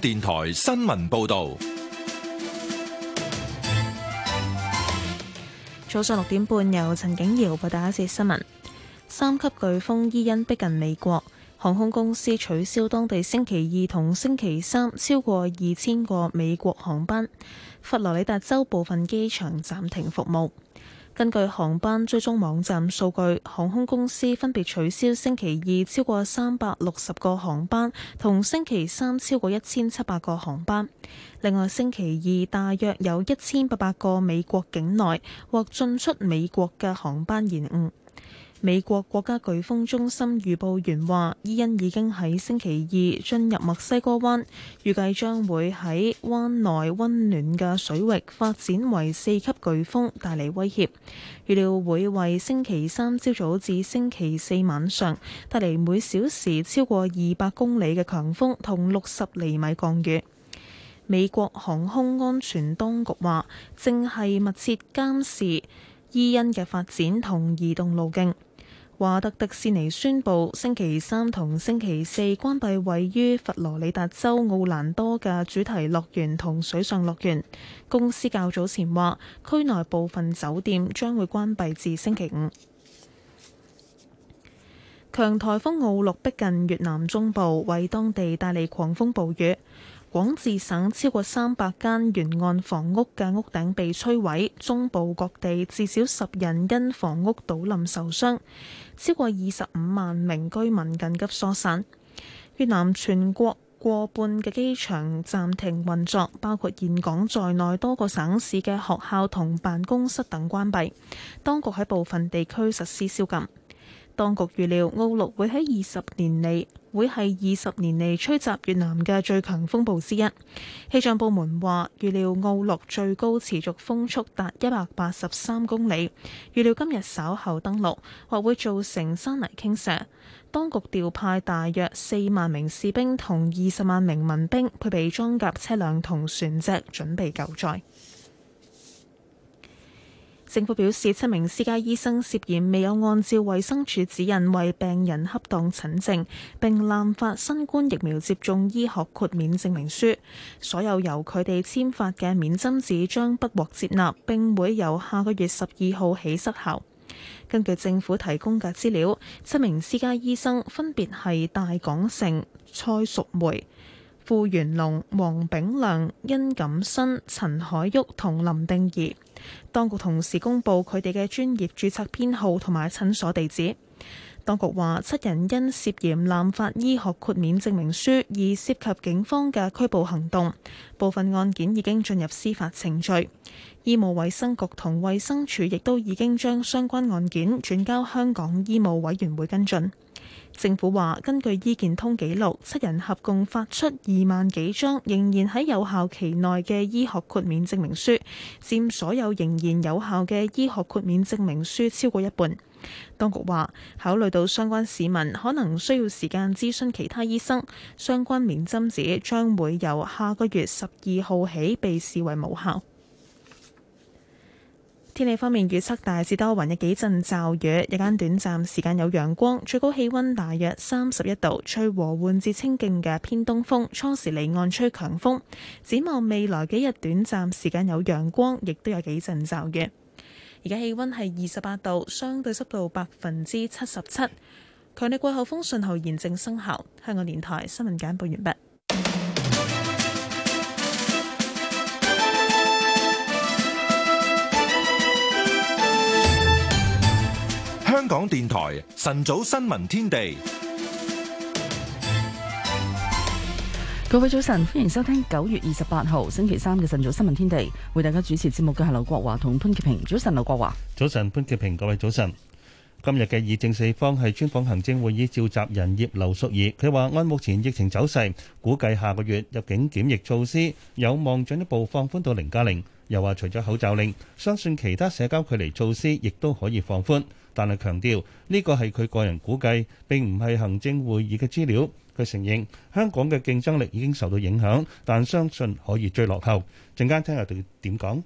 電台新聞報道：早上六點半，由陳景瑤撥打一節新聞。三級颶風伊恩逼近美國，航空公司取消當地星期二同星期三超過二千個美國航班，佛羅里達州部分機場暫停服務。根據航班追蹤網站數據，航空公司分別取消星期二超過三百六十個航班，同星期三超過一千七百個航班。另外，星期二大約有一千八百個美國境內或進出美國嘅航班延誤。美國國家颶風中心預報員話：伊恩已經喺星期二進入墨西哥灣，預計將會喺灣內温暖嘅水域發展為四級颶風，帶嚟威脅。預料會為星期三朝早至星期四晚上帶嚟每小時超過二百公里嘅強風同六十厘米降雨。美國航空安全當局話，正係密切監視伊恩嘅發展同移動路徑。華特迪士尼宣布，星期三同星期四關閉位於佛羅里達州奧蘭多嘅主題樂園同水上樂園。公司較早前話，區內部分酒店將會關閉至星期五。強颱風奧鹿逼近越南中部，為當地帶嚟狂風暴雨。廣治省超過三百間沿岸房屋嘅屋頂被摧毀，中部各地至少十人因房屋倒冧受傷，超過二十五萬名居民緊急疏散。越南全國過半嘅機場暫停運作，包括峴港在內多個省市嘅學校同辦公室等關閉，當局喺部分地區實施宵禁。當局預料奧陸會喺二十年嚟會係二十年嚟吹襲越南嘅最強風暴之一。氣象部門話，預料奧陸最高持續風速達一百八十三公里，預料今日稍後登陸，或會造成山泥傾瀉。當局調派大約四萬名士兵同二十萬名民兵，配備裝甲車輛同船隻，準備救災。政府表示，七名私家醫生涉嫌未有按照衛生署指引為病人恰當診症，並濫發新冠疫苗接種醫學豁免證明書。所有由佢哋簽發嘅免針紙將不獲接納，並會由下個月十二號起失效。根據政府提供嘅資料，七名私家醫生分別係戴港城、蔡淑梅、傅元龍、黃炳良、殷錦新、陳海旭同林定儀。當局同時公布佢哋嘅專業註冊編號同埋診所地址。當局話，七人因涉嫌濫發醫學豁免證明書而涉及警方嘅拘捕行動，部分案件已經進入司法程序。醫務衛生局同衛生署亦都已經將相關案件轉交香港醫務委員會跟進。政府話，根據醫健通記錄，七人合共發出二萬幾張仍然喺有效期內嘅醫學豁免證明書，佔所有仍然有效嘅醫學豁免證明書超過一半。當局話，考慮到相關市民可能需要時間諮詢其他醫生，相關免針紙將會由下個月十二號起被視為無效。天氣方面預測大致多雲，有幾陣驟雨，日間短暫時間有陽光，最高氣温大約三十一度，吹和緩至清勁嘅偏東風，初時離岸吹強風。展望未來幾日，短暫時間有陽光，亦都有幾陣驟雨。而家氣温係二十八度，相對濕度百分之七十七，強烈季候風信號現正生效。香港電台新聞簡報完畢。香港電台晨早新聞天地，各位早晨，歡迎收聽九月二十八號星期三嘅晨早新聞天地。為大家主持節目嘅係劉國華同潘潔平。早晨，劉國華，早晨，潘潔平。各位早晨，今日嘅議政四方係專訪行政會議召集人葉劉淑儀。佢話，按目前疫情走勢，估計下個月入境檢疫措施有望進一步放寬到零加零。0，又話，除咗口罩令，相信其他社交距離措施亦都可以放寬。但係強調呢個係佢個人估計，並唔係行政會議嘅資料。佢承認香港嘅競爭力已經受到影響，但相信可以追落後。陣間聽下佢點講。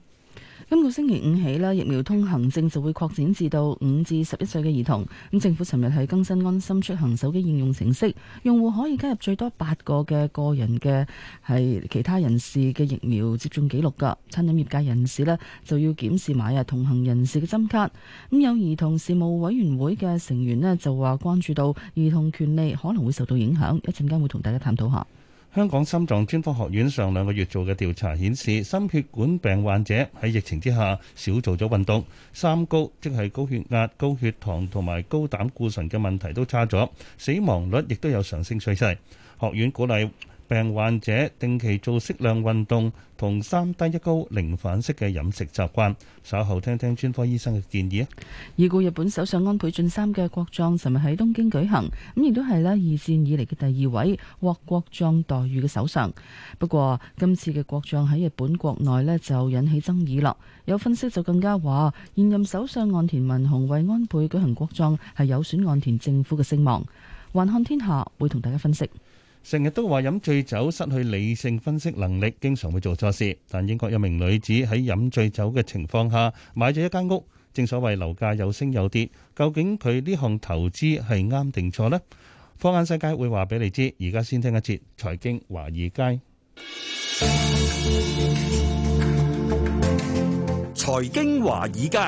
今個星期五起呢，疫苗通行證就會擴展至到五至十一歲嘅兒童。咁政府尋日係更新安心出行手機應用程式，用戶可以加入最多八個嘅個人嘅係其他人士嘅疫苗接種記錄噶。餐飲業界人士呢就要檢視埋啊同行人士嘅針卡。咁有兒童事務委員會嘅成員呢就話關注到兒童權利可能會受到影響。一陣間會同大家探討下。香港心臟專科學院上兩個月做嘅調查顯示，心血管病患者喺疫情之下少做咗運動，三高，即係高血壓、高血糖同埋高膽固醇嘅問題都差咗，死亡率亦都有上升趨勢。學院鼓勵。病患者定期做適量運動同三低一高零反式嘅飲食習慣，稍後聽聽專科醫生嘅建議。啊。已故日本首相安倍晉三嘅國葬，尋日喺東京舉行，咁亦都係咧二戰以嚟嘅第二位獲國葬待遇嘅首相。不過今次嘅國葬喺日本國內咧就引起爭議啦。有分析就更加話現任首相岸田文雄為安倍舉行國葬係有損岸田政府嘅聲望。環看天下會同大家分析。成日都話飲醉酒失去理性分析能力，經常會做錯事。但英國一名女子喺飲醉酒嘅情況下買咗一間屋。正所謂樓價有升有跌，究竟佢呢項投資係啱定錯呢？放眼世界會話俾你知。而家先聽一節財經華爾街。財經華爾街。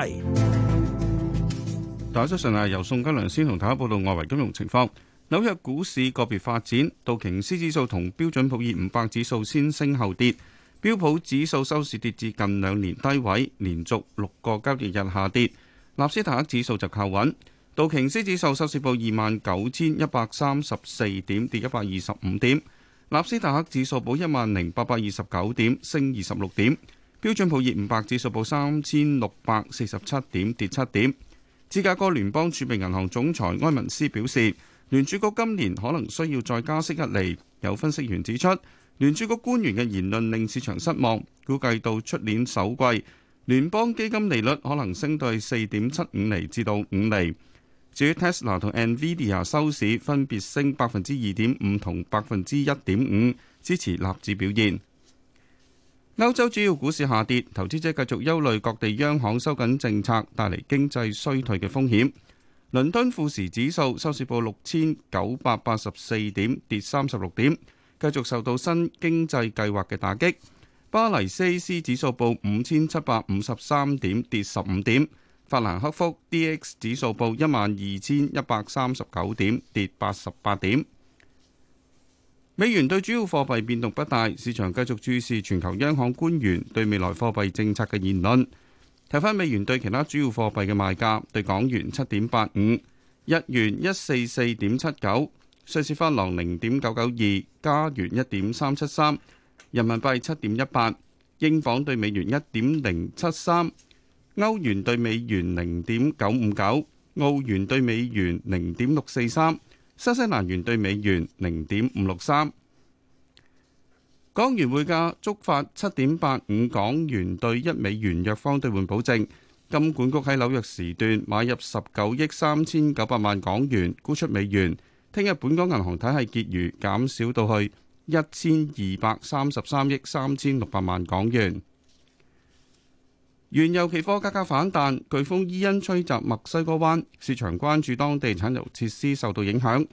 大家早晨，由宋嘉良先同大家報道外圍金融情況。紐約股市個別發展，道瓊斯指數同標準普爾五百指數先升後跌。標普指數收市跌至近兩年低位，連續六個交易日下跌。納斯達克指數就靠穩。道瓊斯指數收市報二萬九千一百三十四點，跌一百二十五點。納斯達克指數報一萬零八百二十九點，升二十六點。標準普爾五百指數報三千六百四十七點，跌七點。芝加哥聯邦儲備銀行總裁埃文斯表示，聯儲局今年可能需要再加息一厘，有分析員指出，聯儲局官員嘅言論令市場失望，估計到出年首季聯邦基金利率可能升到四點七五厘至到五厘。至於 Tesla 同 NVIDIA 收市分別升百分之二點五同百分之一點五，支持納指表現。歐洲主要股市下跌，投資者繼續憂慮各地央行收緊政策帶嚟經濟衰退嘅風險。倫敦富時指數收市報六千九百八十四點，跌三十六點，繼續受到新經濟計劃嘅打擊。巴黎 CAC 指數報五千七百五十三點，跌十五點。法蘭克福 DAX 指數報一萬二千一百三十九點，跌八十八點。美元對主要貨幣變動不大，市場繼續注視全球央行官員對未來貨幣政策嘅言論。睇翻美元對其他主要貨幣嘅賣價，對港元七點八五，日元一四四點七九，瑞士法郎零點九九二，加元一點三七三，人民幣七點一八，英鎊對美元一點零七三，歐元對美元零點九五九，澳元對美元零點六四三，新西蘭元對美元零點五六三。港元匯價觸發七點八五港元兌一美元弱方兌換保證，金管局喺紐約時段買入十九億三千九百萬港元沽出美元。聽日本港銀行體系結餘減少到去一千二百三十三億三千六百萬港元。原油期貨價格反彈，颶風伊恩吹襲墨西哥灣，市場關注當地產油設施受到影響。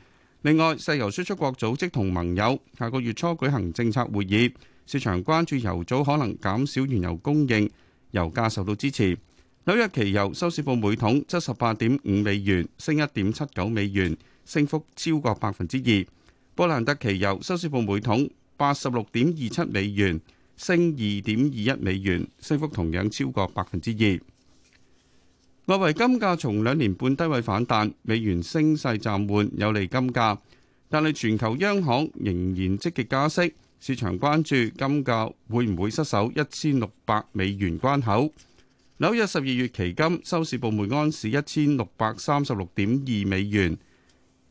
另外，石油輸出國組織同盟友下個月初舉行政策會議，市場關注油組可能減少原油供應，油價受到支持。紐約期油收市報每桶七十八點五美元，升一點七九美元，升幅超過百分之二。布蘭特期油收市報每桶八十六點二七美元，升二點二一美元，升幅同樣超過百分之二。外圍金價從兩年半低位反彈，美元升勢暫緩，有利金價。但係全球央行仍然積極加息，市場關注金價會唔會失守一千六百美元關口。紐約十二月期金收市報每安士一千六百三十六點二美元，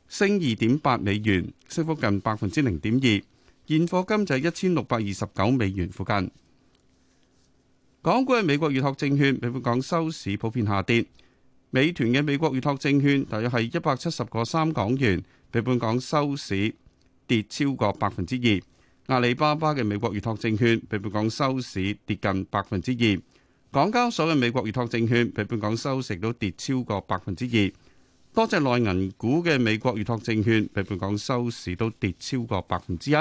升二點八美元，升幅近百分之零點二。現貨金就一千六百二十九美元附近。港股嘅美國預託證券，比本港收市普遍下跌。美團嘅美國預託證券，大約係一百七十個三港元，比本港收市跌超過百分之二。阿里巴巴嘅美國預託證券，比本港收市跌近百分之二。港交所嘅美國預託證券，比本港收市都跌超過百分之二。多隻內銀股嘅美國預託證券，比本港收市都跌超過百分之一。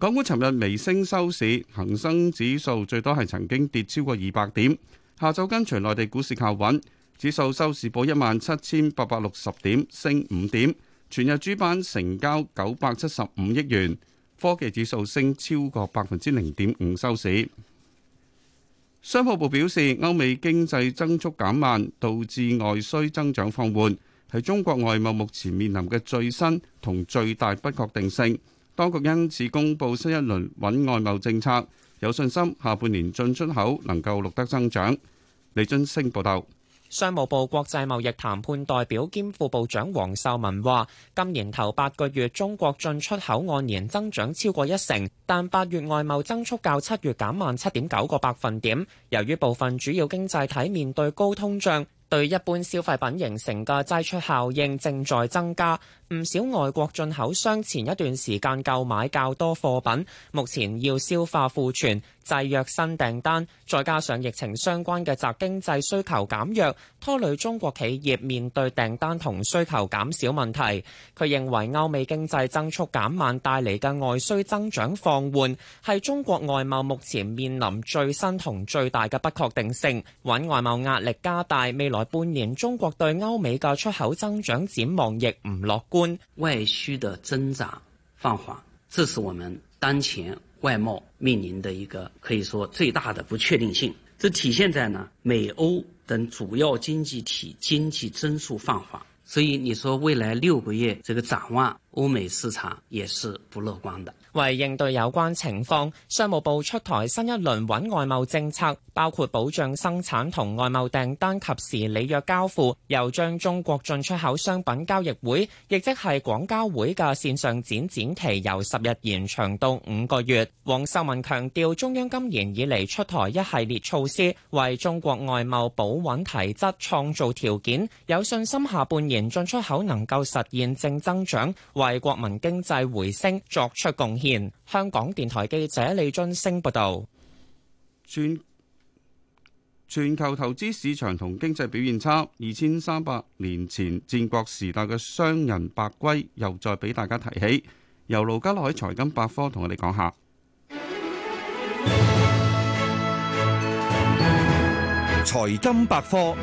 港股尋日微升收市，恒生指數最多係曾經跌超過二百點。下晝跟隨內地股市靠穩，指數收市報一萬七千八百六十點，升五點。全日主板成交九百七十五億元，科技指數升超過百分之零點五收市。商務部表示，歐美經濟增速減慢，導致外需增長放緩，係中國外貿目前面臨嘅最新同最大不確定性。當局因此公布新一輪穩外貿政策，有信心下半年進出口能夠錄得增長。李俊升報道，商務部國際貿易談判代表兼副部長黃秀文話：今年頭八個月中國進出口按年增長超過一成，但八月外貿增速較七月減慢七點九個百分點。由於部分主要經濟體面對高通脹，對一般消費品形成嘅擠出效應正在增加。唔少外國進口商前一段時間購買較多貨品，目前要消化庫存，制約新訂單，再加上疫情相關嘅宅經濟需求減弱，拖累中國企業面對訂單同需求減少問題。佢認為歐美經濟增速減慢帶嚟嘅外需增長放緩，係中國外貿目前面臨最新同最大嘅不確定性，穩外貿壓力加大。未來半年中國對歐美嘅出口增長展望亦唔樂觀。外需的增長放緩，這是我們當前外貿面臨的一個可以說最大的不確定性。這體現在呢，美歐等主要經濟體經濟增速放緩，所以你說未來六個月這個展望，歐美市場也是不樂觀的。為應對有關情況，商務部出台新一輪穩外貿政策，包括保障生產同外貿訂單及時履約交付。又將中國進出口商品交易會，亦即係廣交會嘅線上展展期由十日延長到五個月。黃秀文強調，中央今年以嚟出台一系列措施，為中國外貿保穩提質創造條件，有信心下半年進出口能夠實現正增長，為國民經濟回升作出貢獻。香港電臺記者李俊升報道：全球投資市場同經濟表現差，二千三百年前戰國時代嘅商人白圭又再俾大家提起。由盧家海財金百科同我哋講下財金百科。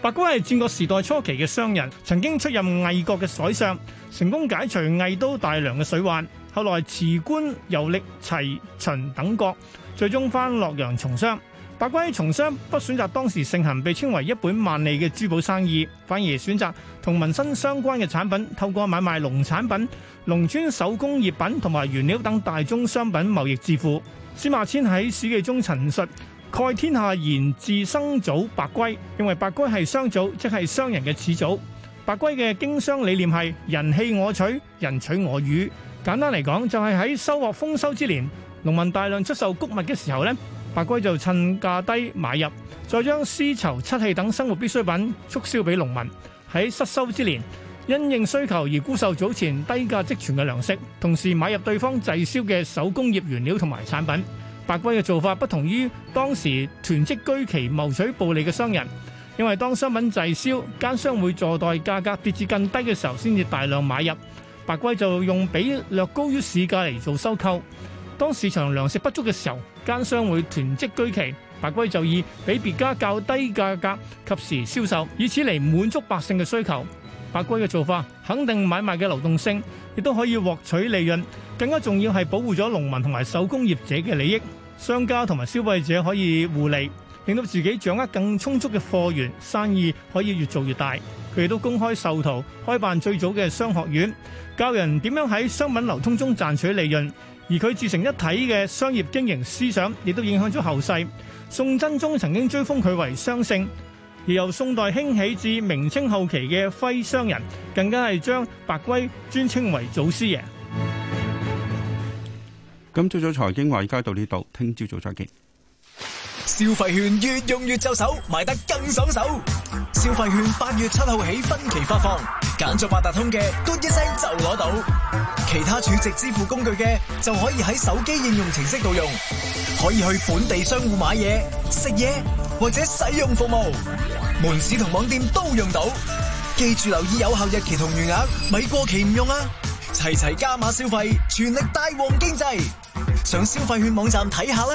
白圭係戰國時代初期嘅商人，曾經出任魏國嘅宰相。成功解除魏都大梁嘅水患，後來辭官遊歷齊秦等國，最終翻洛陽從商。白圭從商不選擇當時盛行、被稱為一本萬利嘅珠寶生意，反而選擇同民生相關嘅產品，透過買賣農產品、農村手工業品同埋原料等大宗商品貿易致富。司馬遷喺《史記》中陳述：蓋天下言自生祖白圭，認為白圭係商祖，即係商人嘅始祖。白圭嘅經商理念係人棄我取，人取我予。簡單嚟講，就係、是、喺收穫豐收之年，農民大量出售谷物嘅時候呢，白圭就趁價低買入，再將絲綢、漆器等生活必需品促銷俾農民。喺失收之年，因應需求而沽售早前低價積存嘅糧食，同時買入對方滯銷嘅手工業原料同埋產品。白圭嘅做法不同於當時囤積居奇謀取暴利嘅商人。因為當商品滯銷，奸商會坐待價格跌至更低嘅時候，先至大量買入。白龜就用比略高於市價嚟做收購。當市場糧食不足嘅時候，奸商會囤積居奇，白龜就以比別家較低價格及時銷售，以此嚟滿足百姓嘅需求。白龜嘅做法肯定買賣嘅流動性，亦都可以獲取利潤。更加重要係保護咗農民同埋手工業者嘅利益，商家同埋消費者可以互利。令到自己掌握更充足嘅貨源，生意可以越做越大。佢亦都公開授徒，開辦最早嘅商學院，教人點樣喺商品流通中賺取利潤。而佢自成一體嘅商業經營思想，亦都影響咗後世。宋真宗曾經追封佢為商聖，而由宋代興起至明清後期嘅徽商人，更加係將白圭尊稱為祖師爺。咁朝早財經話，而家到呢度，聽朝早再見。消費券越用越就手，買得更爽手。消費券八月七號起分期發放，揀咗八達通嘅，嘟一聲就攞到。其他儲值支付工具嘅就可以喺手機應用程式度用，可以去本地商戶買嘢、食嘢或者使用服務，門市同網店都用到。記住留意有效日期同餘額，咪過期唔用啊！齊齊加碼消費，全力帶旺經濟，上消費券網站睇下啦。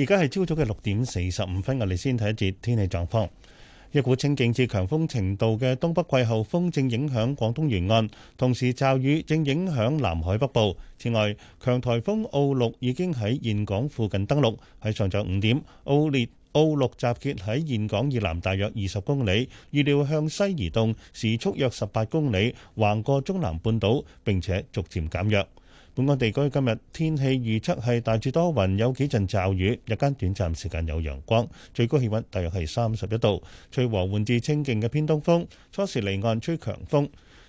而家係朝早嘅六點四十五分，我哋先睇一節天氣狀況。一股清勁至強風程度嘅東北季候風正影響廣東沿岸，同時驟雨正影響南海北部。此外，強台風奧鹿已經喺峴港附近登陸，喺上晝五點，奧烈奧鹿集結喺峴港以南大約二十公里，預料向西移動，時速約十八公里，橫過中南半島，並且逐漸減弱。本港地區今日天氣預測係大致多雲，有幾陣驟雨，日間短暫時間有陽光，最高氣溫大約係三十一度，吹和緩至清勁嘅偏東風，初時離岸吹強風，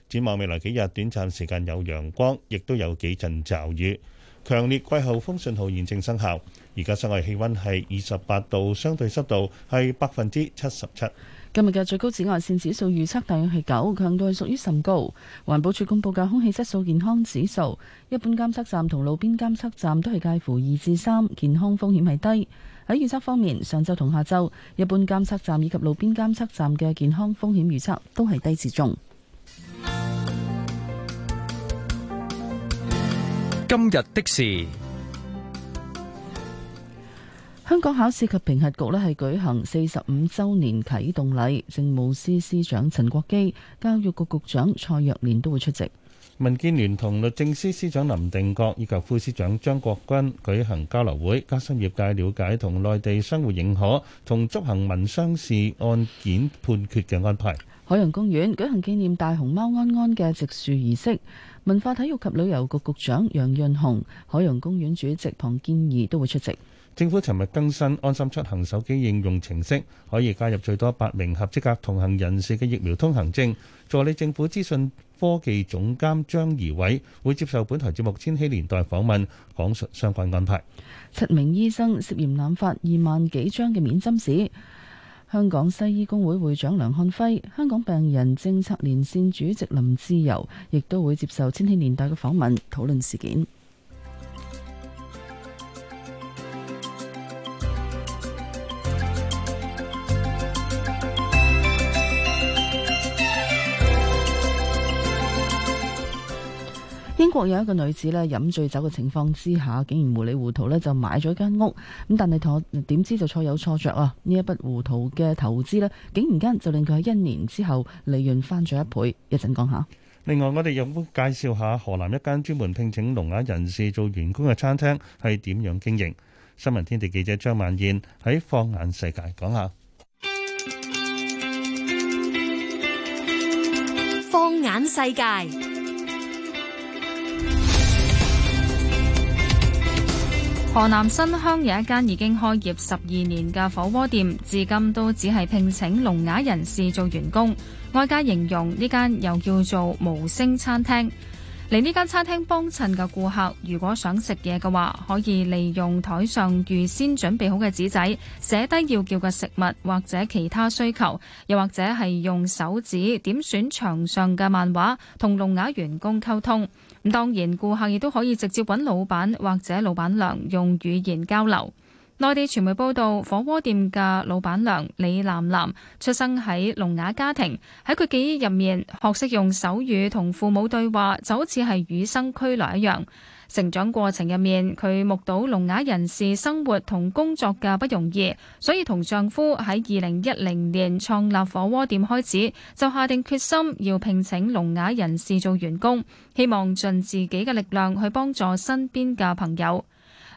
展望未來幾日，短暫時間有陽光，亦都有幾陣驟雨。強烈季候風信號現正生效，而家室外氣溫係二十八度，相對濕度係百分之七十七。今日嘅最高紫外線指數預測大約係九，強度係屬於甚高。環保署公布嘅空氣質素健康指數，一般監測站同路邊監測站都係介乎二至三，健康風險係低。喺預測方面，上晝同下晝，一般監測站以及路邊監測站嘅健康風險預測都係低至中。今日的事。香港考試及評核局呢係舉行四十五周年啟動禮，政務司司長陳國基、教育局局長蔡若蓮都會出席。民建聯同律政司司長林定國以及副司長張國軍舉行交流會，加深業界了解同內地相互認可同執行民商事案件判決嘅安排。海洋公園舉行紀念大熊貓安安嘅植樹儀式，文化體育及旅遊局局局長楊潤雄、海洋公園主席龐建貽都會出席。政府尋日更新安心出行手機應用程式，可以加入最多八名合資格同行人士嘅疫苗通行證。助理政府資訊科技總監張怡偉會接受本台節目《千禧年代》訪問，講述相關安排。七名醫生涉嫌濫發二萬幾張嘅免針紙。香港西醫公會會長梁漢輝、香港病人政策連線主席林志柔，亦都會接受《千禧年代》嘅訪問，討論事件。英國有一個女子咧飲醉酒嘅情況之下，竟然糊裡糊塗咧就買咗間屋。咁但係錯點知就錯有錯着啊！一筆胡呢一筆糊塗嘅投資咧，竟然間就令佢喺一年之後利潤翻咗一倍。一陣講下。另外，我哋又介紹下河南一間專門聘請聾啞人士做員工嘅餐廳係點樣經營。新聞天地記者張萬燕喺放眼世界講下。放眼世界。河南新鄉有一間已經開業十二年嘅火鍋店，至今都只係聘請聾啞人士做員工。外界形容呢間又叫做無聲餐廳。嚟呢間餐廳幫襯嘅顧客，如果想食嘢嘅話，可以利用台上預先準備好嘅紙仔，寫低要叫嘅食物或者其他需求，又或者係用手指點選牆上嘅漫畫，同聾啞員工溝通。咁當然，顧客亦都可以直接揾老闆或者老闆娘用語言交流。內地傳媒報道，火鍋店嘅老闆娘李楠楠出生喺聾啞家庭，喺佢記憶入面，學識用手語同父母對話，就好似係與生俱來一樣。成長過程入面，佢目睹聾啞人士生活同工作嘅不容易，所以同丈夫喺二零一零年創立火鍋店開始，就下定決心要聘請聾啞人士做員工，希望盡自己嘅力量去幫助身邊嘅朋友。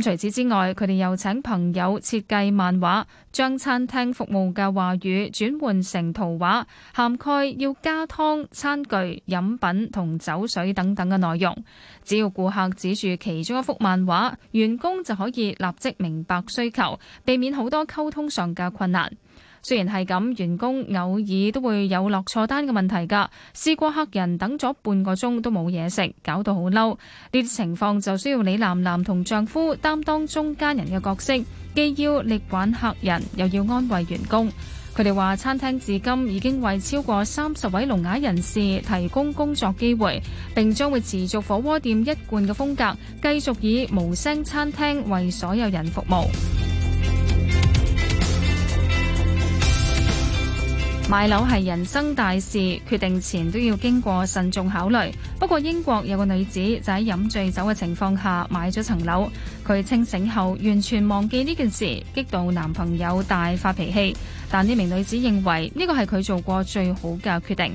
除此之外，佢哋又請朋友設計漫畫，將餐廳服務嘅話語轉換成圖畫，涵蓋要加湯、餐具、飲品同酒水等等嘅內容。只要顧客指住其中一幅漫畫，員工就可以立即明白需求，避免好多溝通上嘅困難。雖然係咁，員工偶爾都會有落錯單嘅問題㗎。試過客人等咗半個鐘都冇嘢食，搞到好嬲。呢啲情況就需要李楠楠同丈夫擔當中間人嘅角色，既要力挽客人，又要安慰員工。佢哋話：餐廳至今已經為超過三十位聾啞人士提供工作機會，並將會持續火鍋店一貫嘅風格，繼續以無聲餐廳為所有人服務。買樓係人生大事，決定前都要經過慎重考慮。不過英國有個女子就喺飲醉酒嘅情況下買咗層樓，佢清醒後完全忘記呢件事，激到男朋友大發脾氣。但呢名女子認為呢個係佢做過最好嘅決定。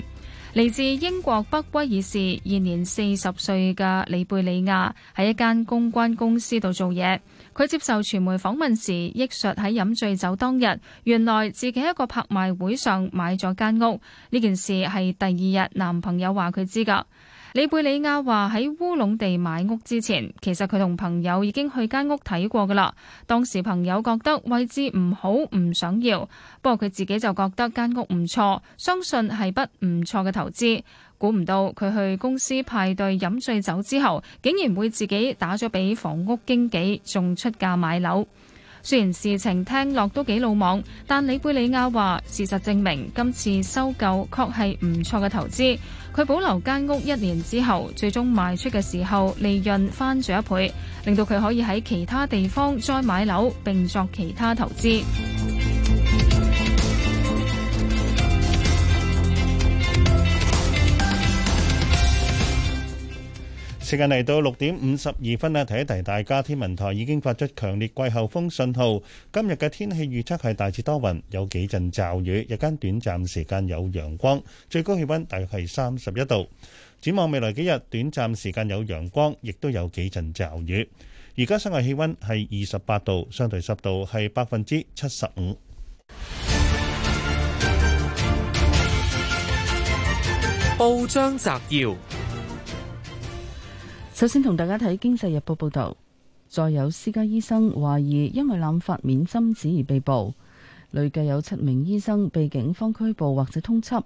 嚟自英國北威爾士，現年四十歲嘅李貝里亞，喺一間公關公司度做嘢。佢接受傳媒訪問時，憶述喺飲醉酒當日，原來自己喺一個拍賣會上買咗間屋。呢件事係第二日男朋友話佢知噶。里貝里亞話喺烏龍地買屋之前，其實佢同朋友已經去間屋睇過噶啦。當時朋友覺得位置唔好，唔想要，不過佢自己就覺得間屋唔錯，相信係筆唔錯嘅投資。估唔到佢去公司派對飲醉酒之後竟然會自己打咗俾房屋經紀，仲出價買樓，雖然事情聽落都幾魯莽，但里貝里亞話事實證明今次收購確係唔錯嘅投資，佢保留間屋一年之後最終賣出嘅時候，利潤翻咗一倍，令到佢可以喺其他地方再買樓並作其他投資。時間嚟到六點五十二分啦，提一提大家，天文台已經發出強烈季候風信號。今日嘅天氣預測係大致多雲，有幾陣驟雨，日間短暫時間有陽光，最高氣温大約係三十一度。展望未來幾日，短暫時間有陽光，亦都有幾陣驟雨。而家室外氣温係二十八度，相對濕度係百分之七十五。報章摘要。首先同大家睇《經濟日報》報道，再有私家醫生懷疑因為濫發免針紙而被捕，累計有七名醫生被警方拘捕或者通緝。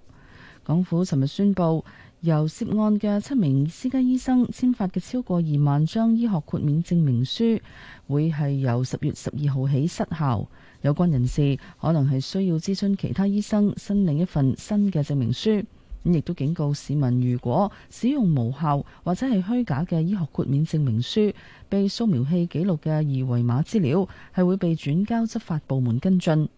港府尋日宣布，由涉案嘅七名私家醫生簽發嘅超過二萬張醫學豁免證明書，會係由十月十二號起失效。有關人士可能係需要諮詢其他醫生，申領一份新嘅證明書。亦都警告市民，如果使用無效或者係虛假嘅醫學豁免證明書被掃描器記錄嘅二維碼資料，係會被轉交執法部門跟進。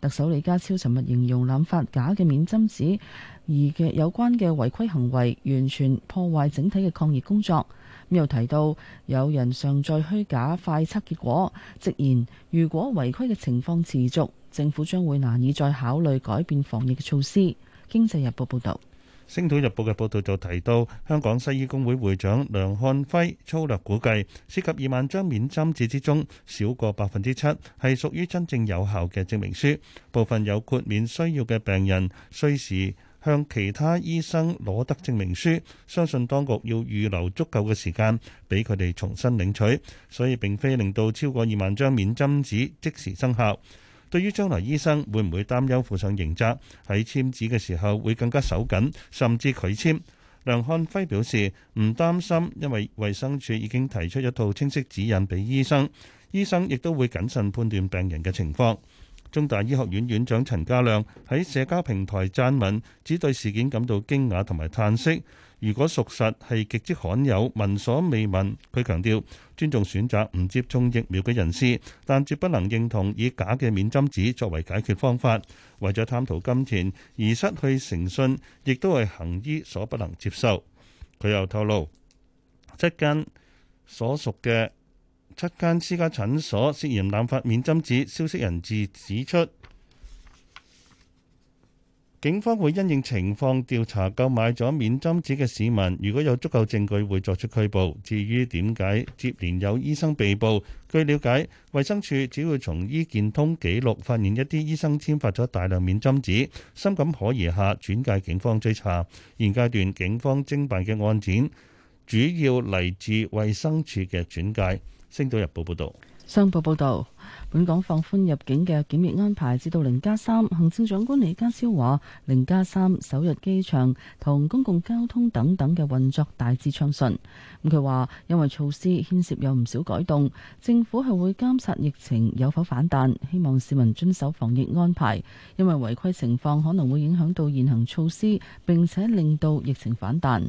特首李家超尋日形容濫發假嘅免針紙，而嘅有關嘅違規行為完全破壞整體嘅抗疫工作。咁又提到有人上載虛假快測結果，直言如果違規嘅情況持續，政府將會難以再考慮改變防疫嘅措施。經濟日報報道，《星島日報》嘅報道就提到，香港西醫工會會長梁漢輝粗略估計，涉及二萬張免針紙之中，少過百分之七係屬於真正有效嘅證明書，部分有豁免需要嘅病人，需時向其他醫生攞得證明書，相信當局要預留足夠嘅時間俾佢哋重新領取，所以並非令到超過二萬張免針紙即時生效。對於將來醫生會唔會擔憂負上刑責，喺簽字嘅時候會更加守緊，甚至拒簽？梁漢輝表示唔擔心，因為衛生署已經提出一套清晰指引俾醫生，醫生亦都會謹慎判斷病人嘅情況。中大醫學院院長陳家亮喺社交平台撰文，只對事件感到驚訝同埋嘆息。如果屬實係極之罕有，聞所未聞。佢強調尊重選擇唔接種疫苗嘅人士，但絕不能認同以假嘅免針紙作為解決方法。為咗貪圖金錢而失去誠信，亦都係行醫所不能接受。佢又透露，七間所屬嘅七間私家診所涉嫌濫發免針紙消息人士指出。警方會因應情況調查購買咗免針紙嘅市民，如果有足夠證據會作出拘捕。至於點解接連有醫生被捕，據了解，衛生署只會從醫健通記錄發現一啲醫生簽發咗大量免針紙，深感可疑下轉介警方追查。現階段警方偵辦嘅案件主要嚟自衛生署嘅轉介。星島日報報道。商報報導，本港放寬入境嘅檢疫安排，至到零加三。3，行政長官李家超話，零加三首日機場同公共交通等等嘅運作大致暢順。咁佢話，因為措施牽涉有唔少改動，政府係會監察疫情有否反彈，希望市民遵守防疫安排，因為違規情況可能會影響到現行措施，並且令到疫情反彈。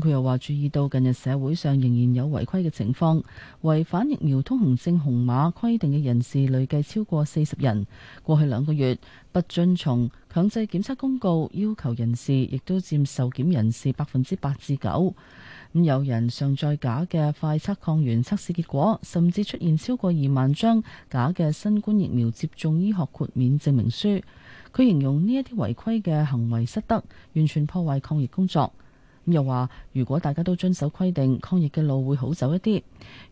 佢又話注意到近日社會上仍然有違規嘅情況，違反疫苗通行證紅碼規定嘅人士累計超過四十人。過去兩個月不遵從強制檢測公告要求人士，亦都佔受檢人士百分之八至九。咁有人上載假嘅快測抗原測試結果，甚至出現超過二萬張假嘅新冠疫苗接種醫學豁免證明書。佢形容呢一啲違規嘅行為失德，完全破壞抗疫工作。又話，如果大家都遵守規定，抗疫嘅路會好走一啲。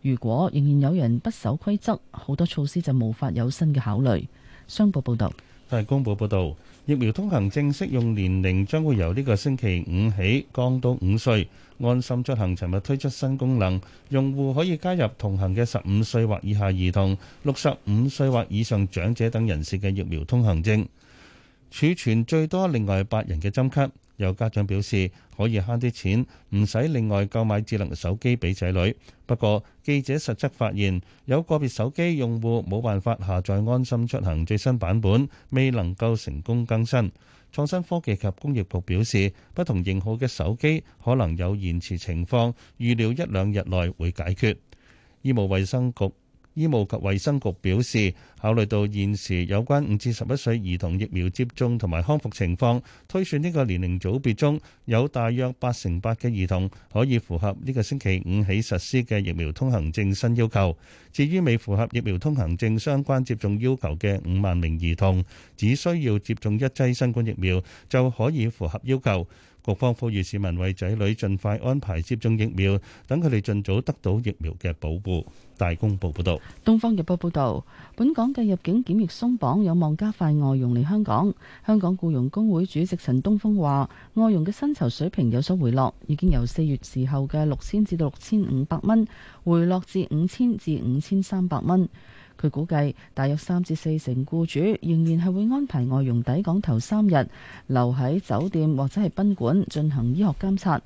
如果仍然有人不守規則，好多措施就無法有新嘅考慮。商報報道，大公報報道，疫苗通行證適用年齡將會由呢個星期五起降到五歲。安心出行尋日推出新功能，用戶可以加入同行嘅十五歲或以下兒童、六十五歲或以上長者等人士嘅疫苗通行證，儲存最多另外八人嘅針劑。有家長表示可以慳啲錢，唔使另外購買智能手機俾仔女。不過，記者實測發現有個別手機用戶冇辦法下載安心出行最新版本，未能夠成功更新。創新科技及工業局表示，不同型號嘅手機可能有延遲情況，預料一兩日內會解決。醫務衛生局。醫務及衛生局表示，考慮到現時有關五至十一歲兒童疫苗接種同埋康復情況，推算呢個年齡組別中有大約八成八嘅兒童可以符合呢個星期五起實施嘅疫苗通行證新要求。至於未符合疫苗通行證相關接種要求嘅五萬名兒童，只需要接種一劑新冠疫苗就可以符合要求。局方呼籲市民為仔女盡快安排接種疫苗，等佢哋盡早得到疫苗嘅保護。大公報報導，《東方日報》報導，本港嘅入境檢疫鬆綁有望加快外傭嚟香港。香港僱傭工會主席陳東峰話：外傭嘅薪酬水平有所回落，已經由四月時候嘅六千至到六千五百蚊，回落至五千至五千三百蚊。佢估計，大約三至四成雇主仍然係會安排外傭抵港頭三日，留喺酒店或者係賓館進行醫學監察。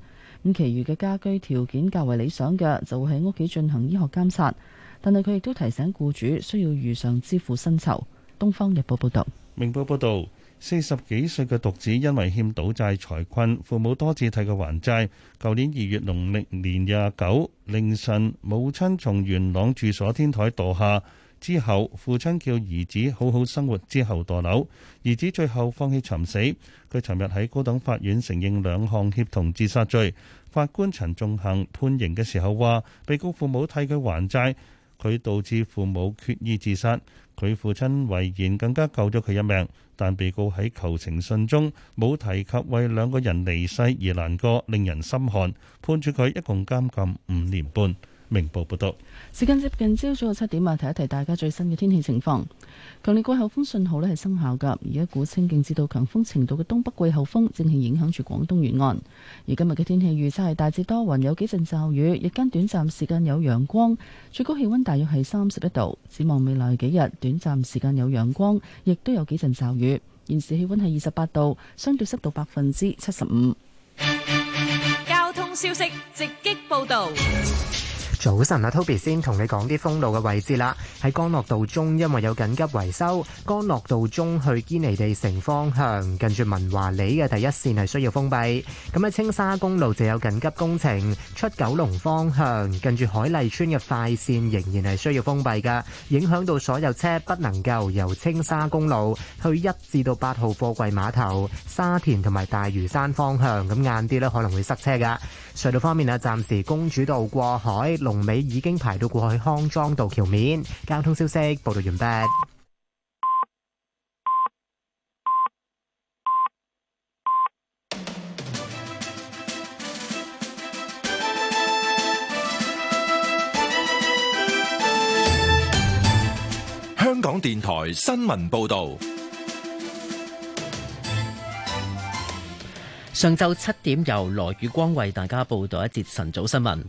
咁，其餘嘅家居條件較為理想嘅，就會喺屋企進行醫學監察。但係佢亦都提醒僱主需要預上支付薪酬。《東方日報》報道，明報報道，四十幾歲嘅獨子因為欠賭債財困，父母多次替佢還債，舊年二月農曆年廿九凌晨，母親從元朗住所天台墮下。之後，父親叫兒子好好生活，之後墮樓。兒子最後放棄尋死。佢尋日喺高等法院承認兩項協同自殺罪。法官陳仲恒判刑嘅時候話，被告父母替佢還債，佢導致父母決意自殺。佢父親遺言更加救咗佢一命。但被告喺求情信中冇提及為兩個人離世而難過，令人心寒。判處佢一共監禁五年半。明報報道。時間接近朝早嘅七點啊，提一提大家最新嘅天氣情況。強烈季候風信號呢係生效噶，而一股清勁至到強風程度嘅東北季候風正係影響住廣東沿岸。而今日嘅天氣預測係大致多雲，有幾陣驟雨，日間短暫時間有陽光，最高氣溫大約係三十一度。展望未來幾日，短暫時間有陽光，亦都有幾陣驟雨。現時氣溫係二十八度，相對濕度百分之七十五。交通消息直擊報道。早晨啊，Toby 先同你講啲封路嘅位置啦。喺干諾道中，因為有緊急維修，干諾道中去堅尼地城方向，近住文華里嘅第一線係需要封閉。咁喺青沙公路就有緊急工程，出九龍方向，近住海麗村嘅快線仍然係需要封閉噶，影響到所有車不能夠由青沙公路去一至到八號貨櫃碼頭、沙田同埋大嶼山方向。咁晏啲咧，可能會塞車噶。隧道方面啊，暫時公主道過海龍尾已經排到過去康莊道橋面。交通消息報道完畢。香港電台新聞報道。上晝七點，由羅宇光為大家報道一節晨早新聞。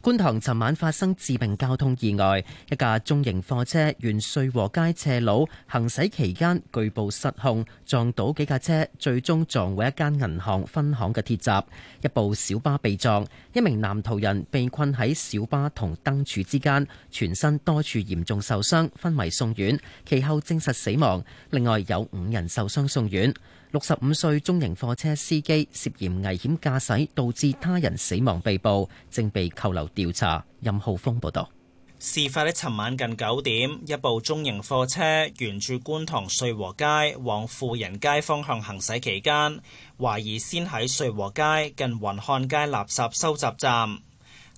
觀塘尋晚發生致命交通意外，一架中型貨車沿瑞和街斜路行駛期間，局部失控撞到幾架車，最終撞毀一間銀行分行嘅鐵閘。一部小巴被撞，一名男途人被困喺小巴同燈柱之間，全身多處嚴重受傷，昏迷送院，其後證實死亡。另外有五人受傷送院。六十五歲中型貨車司機涉嫌危險駕駛，導致他人死亡被捕，正被扣留調查。任浩峰報道。事發喺尋晚近九點，一部中型貨車沿住觀塘瑞和街往富仁街方向行駛期間，懷疑先喺瑞和街近雲漢街垃，垃圾收集站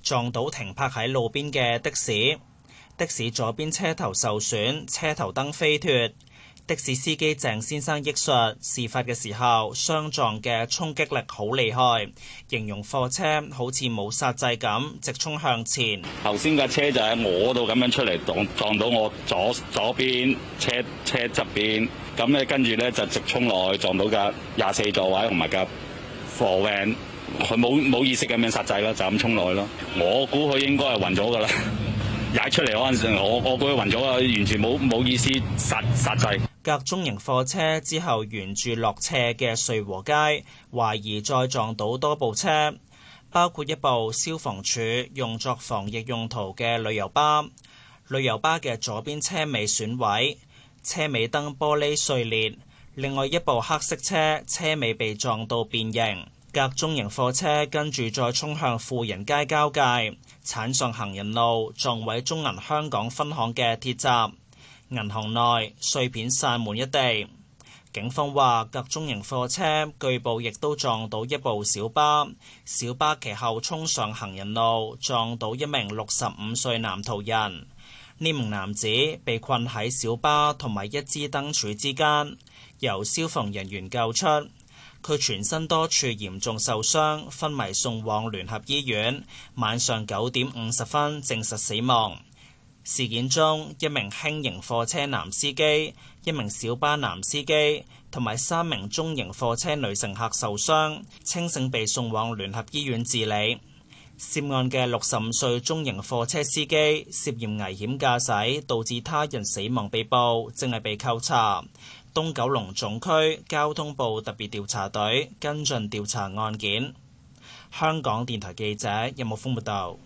撞到停泊喺路邊嘅的，的士，的士左邊車頭受損，車頭燈飛脫。的士司機鄭先生憶述：事發嘅時候，相撞嘅衝擊力好厲害，形容貨車好似冇煞掣咁，直衝向前。頭先架車就喺我度咁樣出嚟撞撞到我左左邊車車側邊，咁咧跟住咧就直衝落去撞到架廿四座位同埋架貨 van，佢冇冇意識咁樣煞掣啦，就咁衝落去咯。我估佢應該係暈咗㗎啦，踩出嚟嗰陣時，我我估佢暈咗啊，完全冇冇意思煞煞掣。隔中型貨車之後，沿住落斜嘅瑞和街，懷疑再撞到多部車，包括一部消防處用作防疫用途嘅旅遊巴。旅遊巴嘅左邊車尾損毀，車尾燈玻璃碎裂。另外一部黑色車車尾被撞到變形。隔中型貨車跟住再衝向富人街交界，鏟上行人路，撞毀中銀香港分行嘅鐵閘。銀行內碎片散滿一地，警方話，格中型貨車據報亦都撞到一部小巴，小巴其後衝上行人路，撞到一名六十五歲男途人。呢名男子被困喺小巴同埋一支燈柱之間，由消防人員救出，佢全身多處嚴重受傷，昏迷送往聯合醫院。晚上九點五十分證實死亡。事件中，一名輕型貨車男司機，一名小巴男司機同埋三名中型貨車女乘客受傷，清醒被送往聯合醫院治理。涉案嘅六十五歲中型貨車司機涉嫌危險駕駛導致他人死亡被捕，正係被扣查。東九龍總區交通部特別調查隊跟進調查案件。香港電台記者任武峯報道。有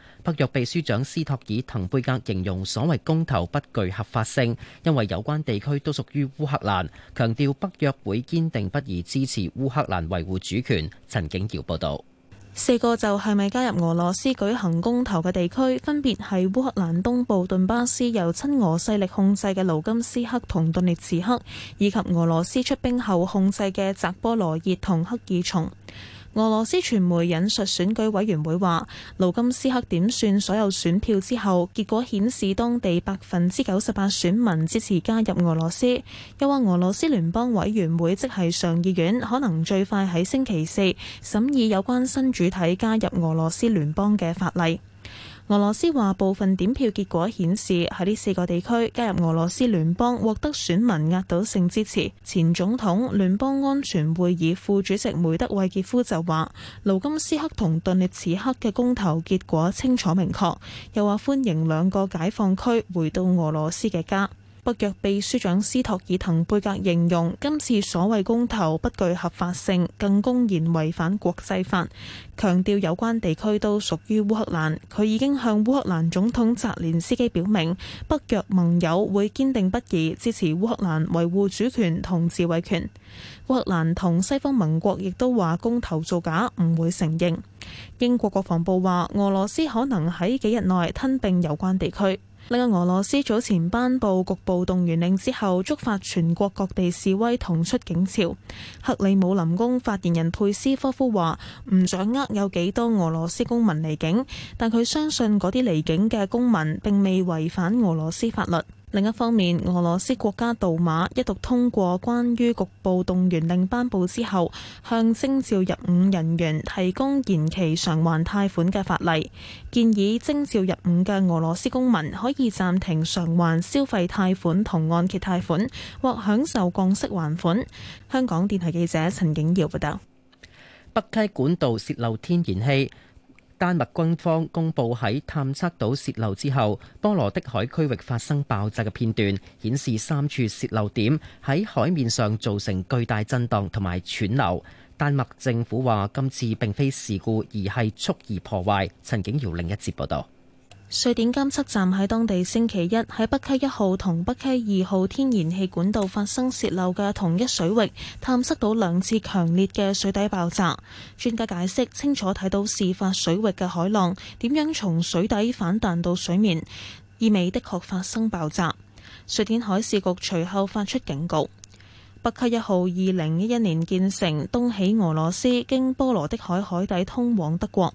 北約秘書長斯托爾滕貝格形容所謂公投不具合法性，因為有關地區都屬於烏克蘭，強調北約會堅定不移支持烏克蘭維護主權。陳景瑤報道。四個就係咪加入俄羅斯舉行公投嘅地區，分別係烏克蘭東部頓巴斯由親俄勢力控制嘅盧甘斯克同頓涅茨克，以及俄羅斯出兵後控制嘅扎波羅熱同克爾松。俄羅斯傳媒引述選舉委員會話，盧金斯克點算所有選票之後，結果顯示當地百分之九十八選民支持加入俄羅斯。又話俄羅斯聯邦委員會即係上議院，可能最快喺星期四審議有關新主體加入俄羅斯聯邦嘅法例。俄羅斯話部分點票結果顯示喺呢四個地區加入俄羅斯聯邦獲得選民壓倒性支持。前總統聯邦安全會議副主席梅德韋傑夫就話：盧甘斯克同頓涅茨克嘅公投結果清楚明確，又話歡迎兩個解放區回到俄羅斯嘅家。北約秘書長斯托爾滕貝格形容今次所謂公投不具合法性，更公然違反國際法，強調有關地區都屬於烏克蘭。佢已經向烏克蘭總統澤連斯基表明，北約盟友會堅定不移支持烏克蘭維護主權同自衛權。烏克蘭同西方盟國亦都話公投造假，唔會承認。英國國防部話，俄羅斯可能喺幾日內吞併有關地區。另外，俄羅斯早前頒布局部動員令之後，觸發全國各地示威同出境潮。克里姆林宮發言人佩斯科夫話：唔掌握有幾多俄羅斯公民離境，但佢相信嗰啲離境嘅公民並未違反俄羅斯法律。另一方面，俄羅斯國家杜馬一讀通過關於局部動員令頒布之後，向徵召入伍人員提供延期償還貸款嘅法例，建議徵召入伍嘅俄羅斯公民可以暫停償還消費貸款同按揭貸款，或享受降息還款。香港電台記者陳景耀報道。北溪管道泄漏天然氣。丹麥軍方公布喺探測到泄漏之後，波羅的海區域發生爆炸嘅片段，顯示三處泄漏點喺海面上造成巨大震盪同埋串流。丹麥政府話，今次並非事故而而，而係蓄意破壞。陳景堯另一節報道。瑞典監測站喺當地星期一喺北溪一號同北溪二號天然氣管道發生洩漏嘅同一水域，探測到兩次強烈嘅水底爆炸。專家解釋，清楚睇到事發水域嘅海浪點樣從水底反彈到水面，意味的確發生爆炸。瑞典海事局隨後發出警告：北溪一號二零一一年建成，東起俄羅斯，經波羅的海海底通往德國。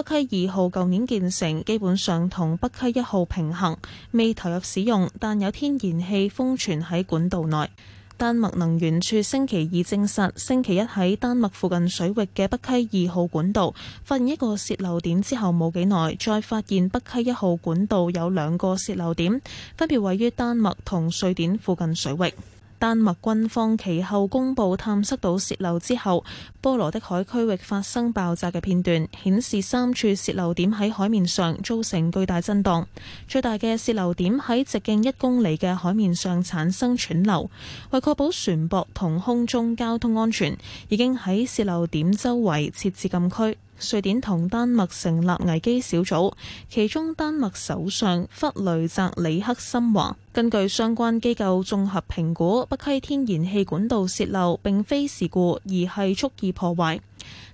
北溪二號舊年建成，基本上同北溪一號平行，未投入使用，但有天然氣封存喺管道內。丹麥能源處星期二證實，星期一喺丹麥附近水域嘅北溪二號管道發現一個洩漏點之後，冇幾耐再發現北溪一號管道有兩個洩漏點，分別位於丹麥同瑞典附近水域。丹麥軍方其後公佈探測到洩漏之後，波羅的海區域發生爆炸嘅片段，顯示三處洩漏點喺海面上造成巨大震盪。最大嘅洩漏點喺直徑一公里嘅海面上產生湍流。為確保船舶同空中交通安全，已經喺洩漏點周圍設置禁區。瑞典同丹麥成立危機小組，其中丹麥首相弗雷澤里克森話：根據相關機構綜合評估，北溪天然氣管道泄漏並非事故，而係蓄意破壞。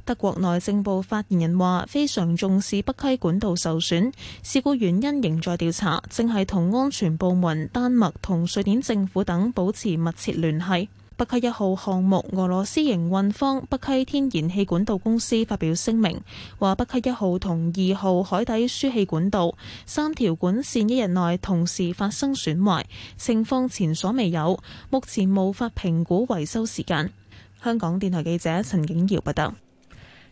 德國內政部發言人話：非常重視北溪管道受損，事故原因仍在調查，正係同安全部門、丹麥同瑞典政府等保持密切聯繫。北溪一號項目俄羅斯營運方北溪天然氣管道公司發表聲明，話北溪一號同二號海底輸氣管道三條管線一日內同時發生損壞，情況前所未有，目前無法評估維修時間，香港電台記者陳景瑤報道。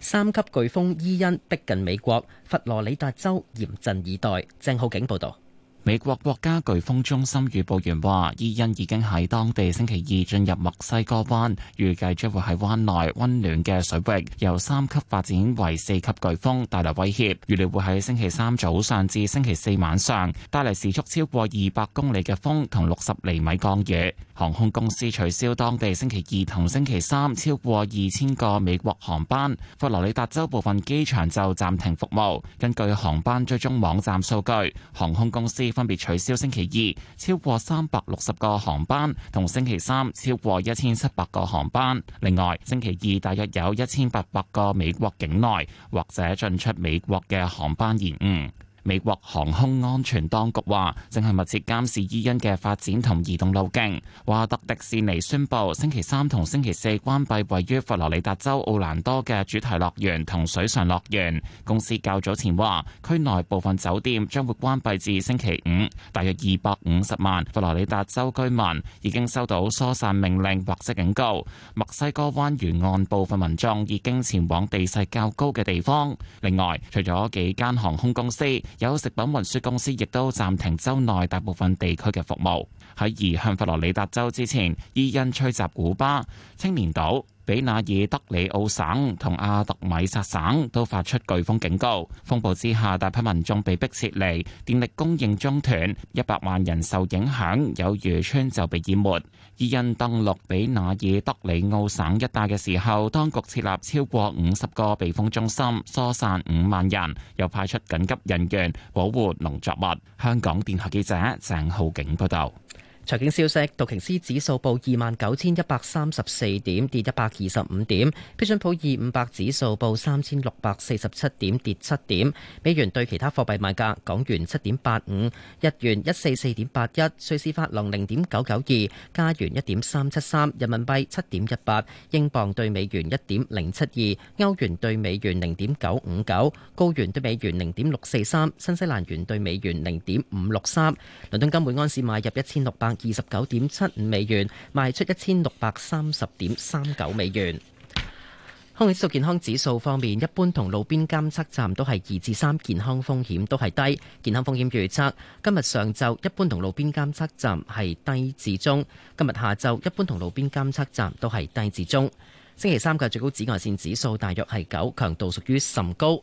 三級颶風伊恩逼近美國佛羅里達州，嚴陣以待。鄭浩景報道。美國國家颶風中心預報員話，伊恩已經喺當地星期二進入墨西哥灣，預計將會喺灣內溫暖嘅水域由三級發展為四級颶風，帶來威脅。預料會喺星期三早上至星期四晚上，帶嚟時速超過二百公里嘅風同六十厘米降雨。航空公司取消當地星期二同星期三超過二千個美國航班，佛羅里達州部分機場就暫停服務。根據航班追蹤網站數據，航空公司分別取消星期二超過三百六十個航班，同星期三超過一千七百個航班。另外，星期二大約有一千八百個美國境內或者進出美國嘅航班延誤。美國航空安全當局話正係密切監視伊恩嘅發展同移動路徑。華特迪士尼宣布星期三同星期四關閉位於佛羅里達州奧蘭多嘅主題樂園同水上樂園。公司較早前話區內部分酒店將會關閉至星期五。大約二百五十萬佛羅里達州居民已經收到疏散命令或者警告。墨西哥灣沿岸部分民眾已經前往地勢較高嘅地方。另外，除咗幾間航空公司，有食品運輸公司亦都暫停州內大部分地區嘅服務。喺移向佛羅里達州之前，伊恩吹襲古巴、青年島。比那爾德里奧省同阿特米薩省都發出颶風警告，風暴之下大批民眾被逼撤離，電力供應中斷，一百萬人受影響，有漁村就被淹沒。伊恩登陸比那爾德里奧省一帶嘅時候，當局設立超過五十個避風中心，疏散五萬人，又派出緊急人員保護農作物。香港電台記者鄭浩景報道。財經消息：道瓊斯指數報二萬九千一百三十四點，跌一百二十五點；標準普爾五百指數報三千六百四十七點，跌七點。美元對其他貨幣賣價：港元七點八五，日元一四四點八一，瑞士法郎零點九九二，加元一點三七三，人民幣七點一八，英鎊對美元一點零七二，歐元對美元零點九五九，高元對美元零點六四三，新西蘭元對美元零點五六三。倫敦金每安士買入一千六百。二十九點七五美元，賣出一千六百三十點三九美元。空氣質素健康指數方面，一般同路邊監測站都係二至三，健康風險都係低。健康風險預測，今日上晝一般同路邊監測站係低至中，今日下晝一般同路邊監測站都係低至中。星期三嘅最高紫外線指數大約係九，強度屬於甚高。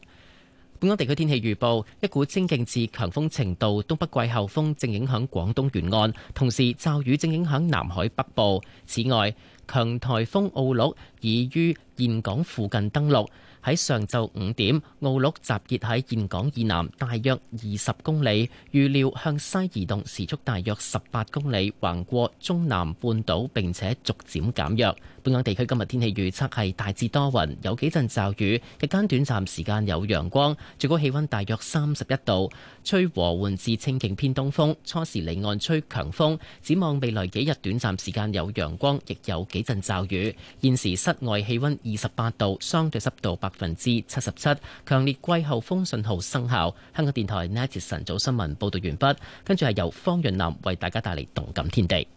本港地區天氣預報：一股清勁至強風程度東北季候風正影響廣東沿岸，同時驟雨正影響南海北部。此外，強颱風奧鹿已於峴港附近登陸，喺上晝五點，奧鹿集結喺峴港以南大約二十公里，預料向西移動時速大約十八公里，橫過中南半島並且逐漸減弱。本港地區今日天，天氣預測係大致多雲，有幾陣驟雨，日間短暫時間有陽光，最高氣温大約三十一度，吹和緩至清勁偏東風，初時離岸吹強風。展望未來幾日，短暫時間有陽光，亦有幾陣驟雨。現時室外氣温二十八度，相對濕度百分之七十七，強烈季候風信號生效。香港電台 Next 晨早新聞報道完畢，跟住係由方潤南為大家帶嚟動感天地。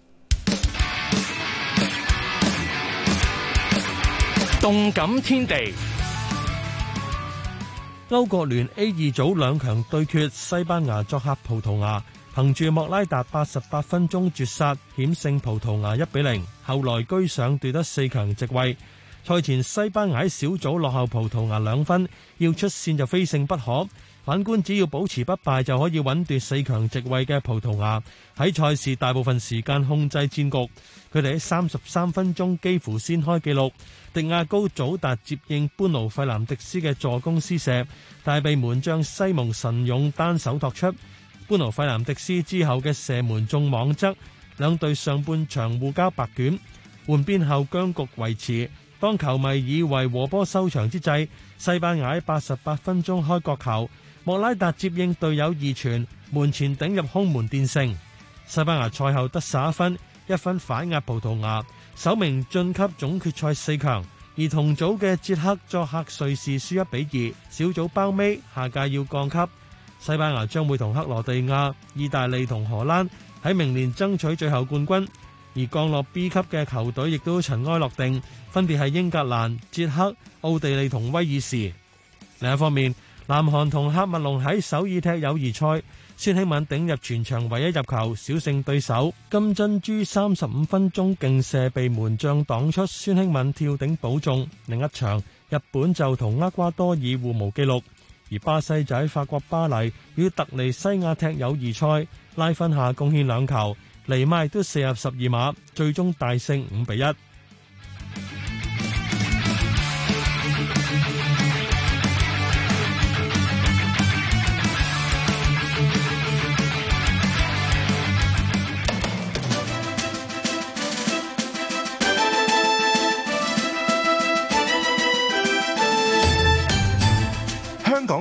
動感天地，歐國聯 A 二組兩強對決，西班牙作客葡萄牙，憑住莫拉達八十八分鐘絕殺，險勝葡萄牙一比零，後來居上奪得四強席位。賽前西班牙小組落後葡萄牙兩分，要出線就非勝不可。反觀只要保持不敗就可以穩奪四強席位嘅葡萄牙，喺賽事大部分時間控制戰局，佢哋喺三十三分鐘幾乎先開紀錄。迪亞高祖達接應般奴費南迪斯嘅助攻施射，但係被門將西蒙神勇單手托出。般奴費南迪斯之後嘅射門中網側，兩隊上半場互交白卷。換邊後僵局維持，當球迷以為和波收場之際，西班牙喺八十八分鐘開角球，莫拉達接應隊友二傳，門前頂入空門奠勝。西班牙賽後得十一分，一分反壓葡萄牙。首名晉級總決賽四強，而同組嘅捷克作客瑞士輸一比二，小組包尾，下屆要降級。西班牙將會同克羅地亞、意大利同荷蘭喺明年爭取最後冠軍，而降落 B 級嘅球隊亦都塵埃落定，分別係英格蘭、捷克、奧地利同威爾士。另一方面，南韓同喀麥隆喺首爾踢友誼賽。孫興敏頂入全場唯一入球，小勝對手。金珍珠三十五分鐘勁射被門將擋出，孫興敏跳頂補中。另一場，日本就同厄瓜多爾互無紀錄，而巴西就喺法國巴黎與特尼西亞踢友誼賽，拉芬下貢獻兩球，尼邁都射入十二碼，最終大勝五比一。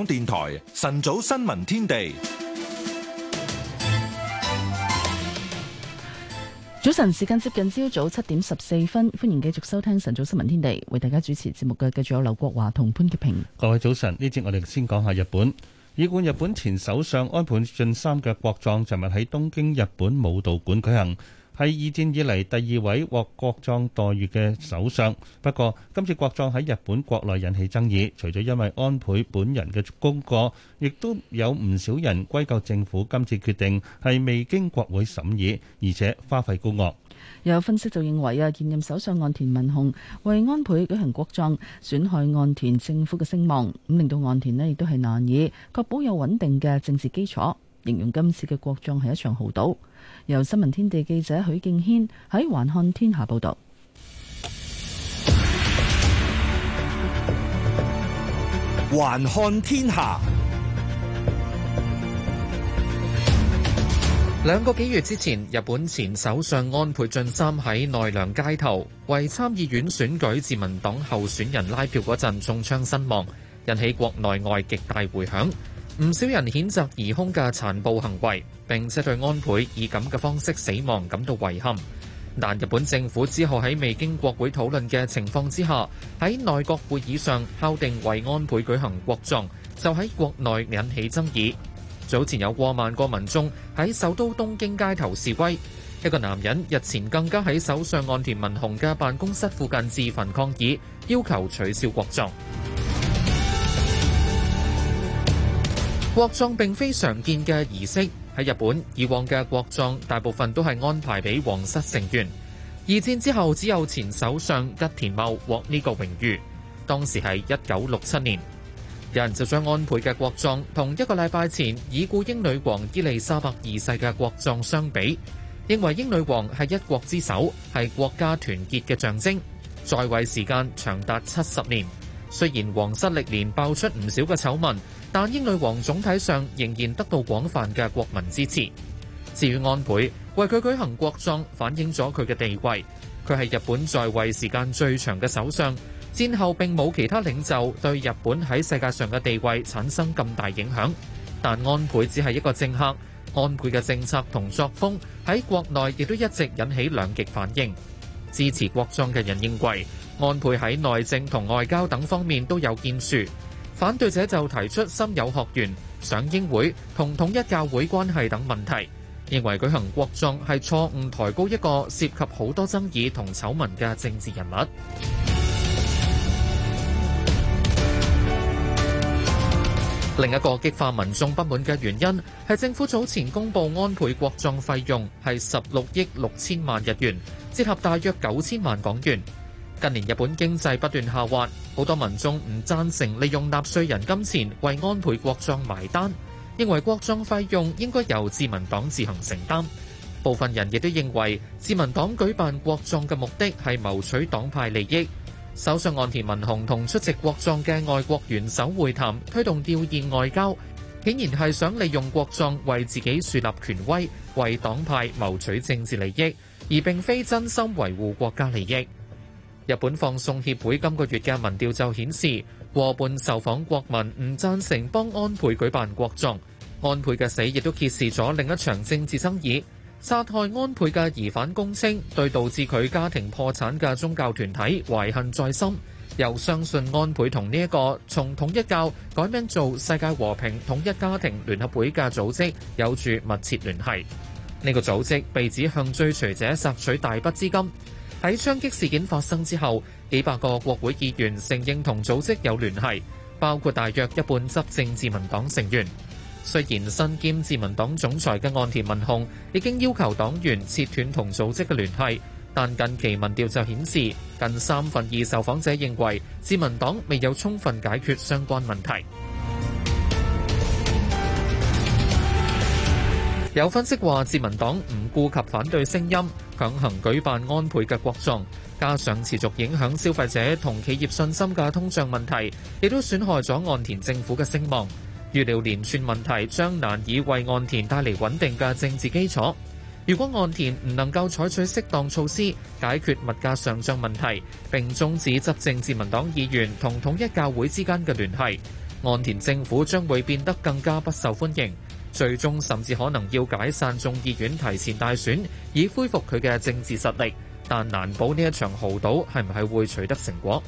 電台晨早新聞天地，早晨時間接近朝早七點十四分，歡迎繼續收聽晨早新聞天地，為大家主持節目嘅繼續有劉國華同潘潔平。各位早晨，呢節我哋先講下日本，已故日本前首相安倍晉三嘅國葬，尋日喺東京日本武道館舉行。係二戰以嚟第二位獲國葬待遇嘅首相，不過今次國葬喺日本國內引起爭議，除咗因為安倍本人嘅功過，亦都有唔少人歸咎政府今次決定係未經國會審議，而且花費高昂。有分析就認為啊，現任首相岸田文雄為安倍舉行國葬，損害岸田政府嘅聲望，咁令到岸田呢亦都係難以確保有穩定嘅政治基礎，形容今次嘅國葬係一場豪賭。由新聞天地記者許敬軒喺《還看天下》報道，《還看天下》兩個幾月之前，日本前首相安倍晉三喺奈良街頭為參議院選舉自民黨候選人拉票嗰陣中槍身亡，引起國內外極大迴響。唔少人譴責疑兇嘅殘暴行為，並且對安倍以咁嘅方式死亡感到遺憾。但日本政府之後喺未經國會討論嘅情況之下，喺內閣會議上敲定為安倍舉行國葬，就喺國內引起爭議。早前有過萬個民眾喺首都東京街頭示威，一個男人日前更加喺首相岸田文雄嘅辦公室附近自焚抗議，要求取消國葬。國葬並非常見嘅儀式，喺日本以往嘅國葬大部分都係安排俾皇室成員。二戰之後，只有前首相吉田茂獲呢個榮譽，當時係一九六七年。有人就將安倍嘅國葬同一個禮拜前已故英女王伊麗莎白二世嘅國葬相比，認為英女王係一國之首，係國家團結嘅象徵，在位時間長達七十年。雖然皇室歷年爆出唔少嘅醜聞，但英女王總體上仍然得到廣泛嘅國民支持。至於安倍，為佢舉行國葬反映咗佢嘅地位，佢係日本在位時間最長嘅首相。戰後並冇其他領袖對日本喺世界上嘅地位產生咁大影響，但安倍只係一個政客。安倍嘅政策同作風喺國內亦都一直引起兩極反應。支持國葬嘅人認為，安倍喺內政同外交等方面都有建樹，反對者就提出森友學園、賞櫻會同統一教會關係等問題，認為舉行國葬係錯誤抬高一個涉及好多爭議同醜聞嘅政治人物。 另一個激化民眾不滿嘅原因係政府早前公布安倍國葬費用係十六億六千萬日元，折合大約九千萬港元。近年日本經濟不斷下滑，好多民眾唔贊成利用納稅人金錢為安倍國葬埋單，認為國葬費用應該由自民黨自行承擔。部分人亦都認為自民黨舉辦國葬嘅目的係謀取黨派利益。首相岸田文雄同出席國葬嘅外國元首會談，推動弔唁外交，竟然係想利用國葬為自己樹立權威，為黨派謀取政治利益，而並非真心維護國家利益。日本放送協會今個月嘅民調就顯示，過半受訪國民唔贊成幫安倍舉辦國葬。安倍嘅死亦都揭示咗另一場政治爭議。殺害安倍嘅疑犯供稱，對導致佢家庭破產嘅宗教團體懷恨在心，又相信安倍同呢一個從統一教改名做世界和平統一家庭聯合會嘅組織有住密切聯繫。呢個組織被指向追隨者索取大筆資金。喺槍擊事件發生之後，幾百個國會議員承認同組織有聯繫，包括大約一半執政自民黨成員。雖然身兼自民黨總裁嘅岸田文雄已經要求黨員切斷同組織嘅聯繫，但近期民調就顯示近三分二受訪者認為自民黨未有充分解決相關問題。有分析話，自民黨唔顧及反對聲音，強行舉辦安倍嘅國葬，加上持續影響消費者同企業信心嘅通脹問題，亦都損害咗岸田政府嘅聲望。預料連串問題將難以為岸田帶嚟穩定嘅政治基礎。如果岸田唔能夠採取適當措施解決物價上漲問題，並終止執政自民黨議員同統一教會之間嘅聯繫，岸田政府將會變得更加不受歡迎。最終甚至可能要解散眾議院，提前大選，以恢復佢嘅政治實力。但難保呢一場豪賭係唔係會取得成果。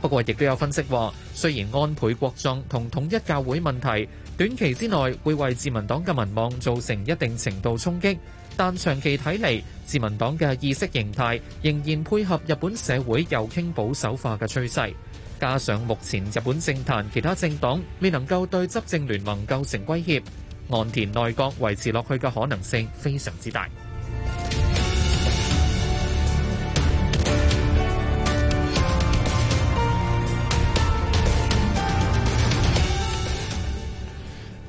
不過，亦都有分析話，雖然安倍國葬同統一教會問題短期之內會為自民黨嘅民望造成一定程度衝擊，但長期睇嚟，自民黨嘅意識形態仍然配合日本社會右傾保守化嘅趨勢。加上目前日本政壇其他政黨未能夠對執政聯盟構成威脅。岸田內閣維持落去嘅可能性非常之大。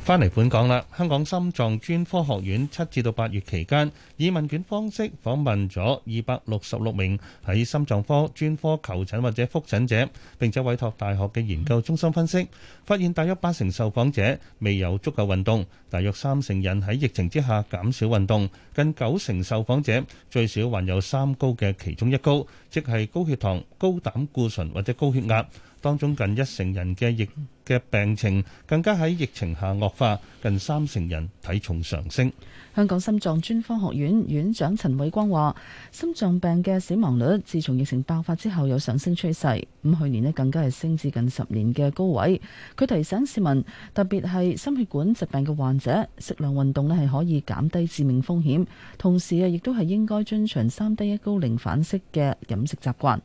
翻嚟本港啦，香港心臟專科學院七至到八月期間，以問卷方式訪問咗二百六十六名喺心臟科專科求診或者覆診者，並且委託大學嘅研究中心分析，發現大約八成受訪者未有足夠運動，大約三成人喺疫情之下減少運動，近九成受訪者最少患有三高嘅其中一高，即係高血糖、高膽固醇或者高血壓。當中近一成人嘅疫嘅病情更加喺疫情下惡化，近三成人體重上升。香港心臟專科學院院長陳偉光話，心臟病嘅死亡率自從疫情爆發之後有上升趨勢，咁去年呢更加係升至近十年嘅高位。佢提醒市民，特別係心血管疾病嘅患者，適量運動呢係可以減低致命風險，同時啊亦都係應該遵循三低一高零反式嘅飲食習慣。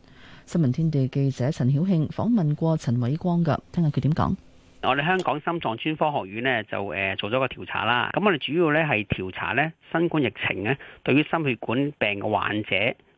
新聞天地記者陳曉慶訪問過陳偉光㗎，聽下佢點講。我哋香港心臟專科學院呢，就誒做咗個調查啦。咁我哋主要咧係調查咧新冠疫情呢對於心血管病嘅患者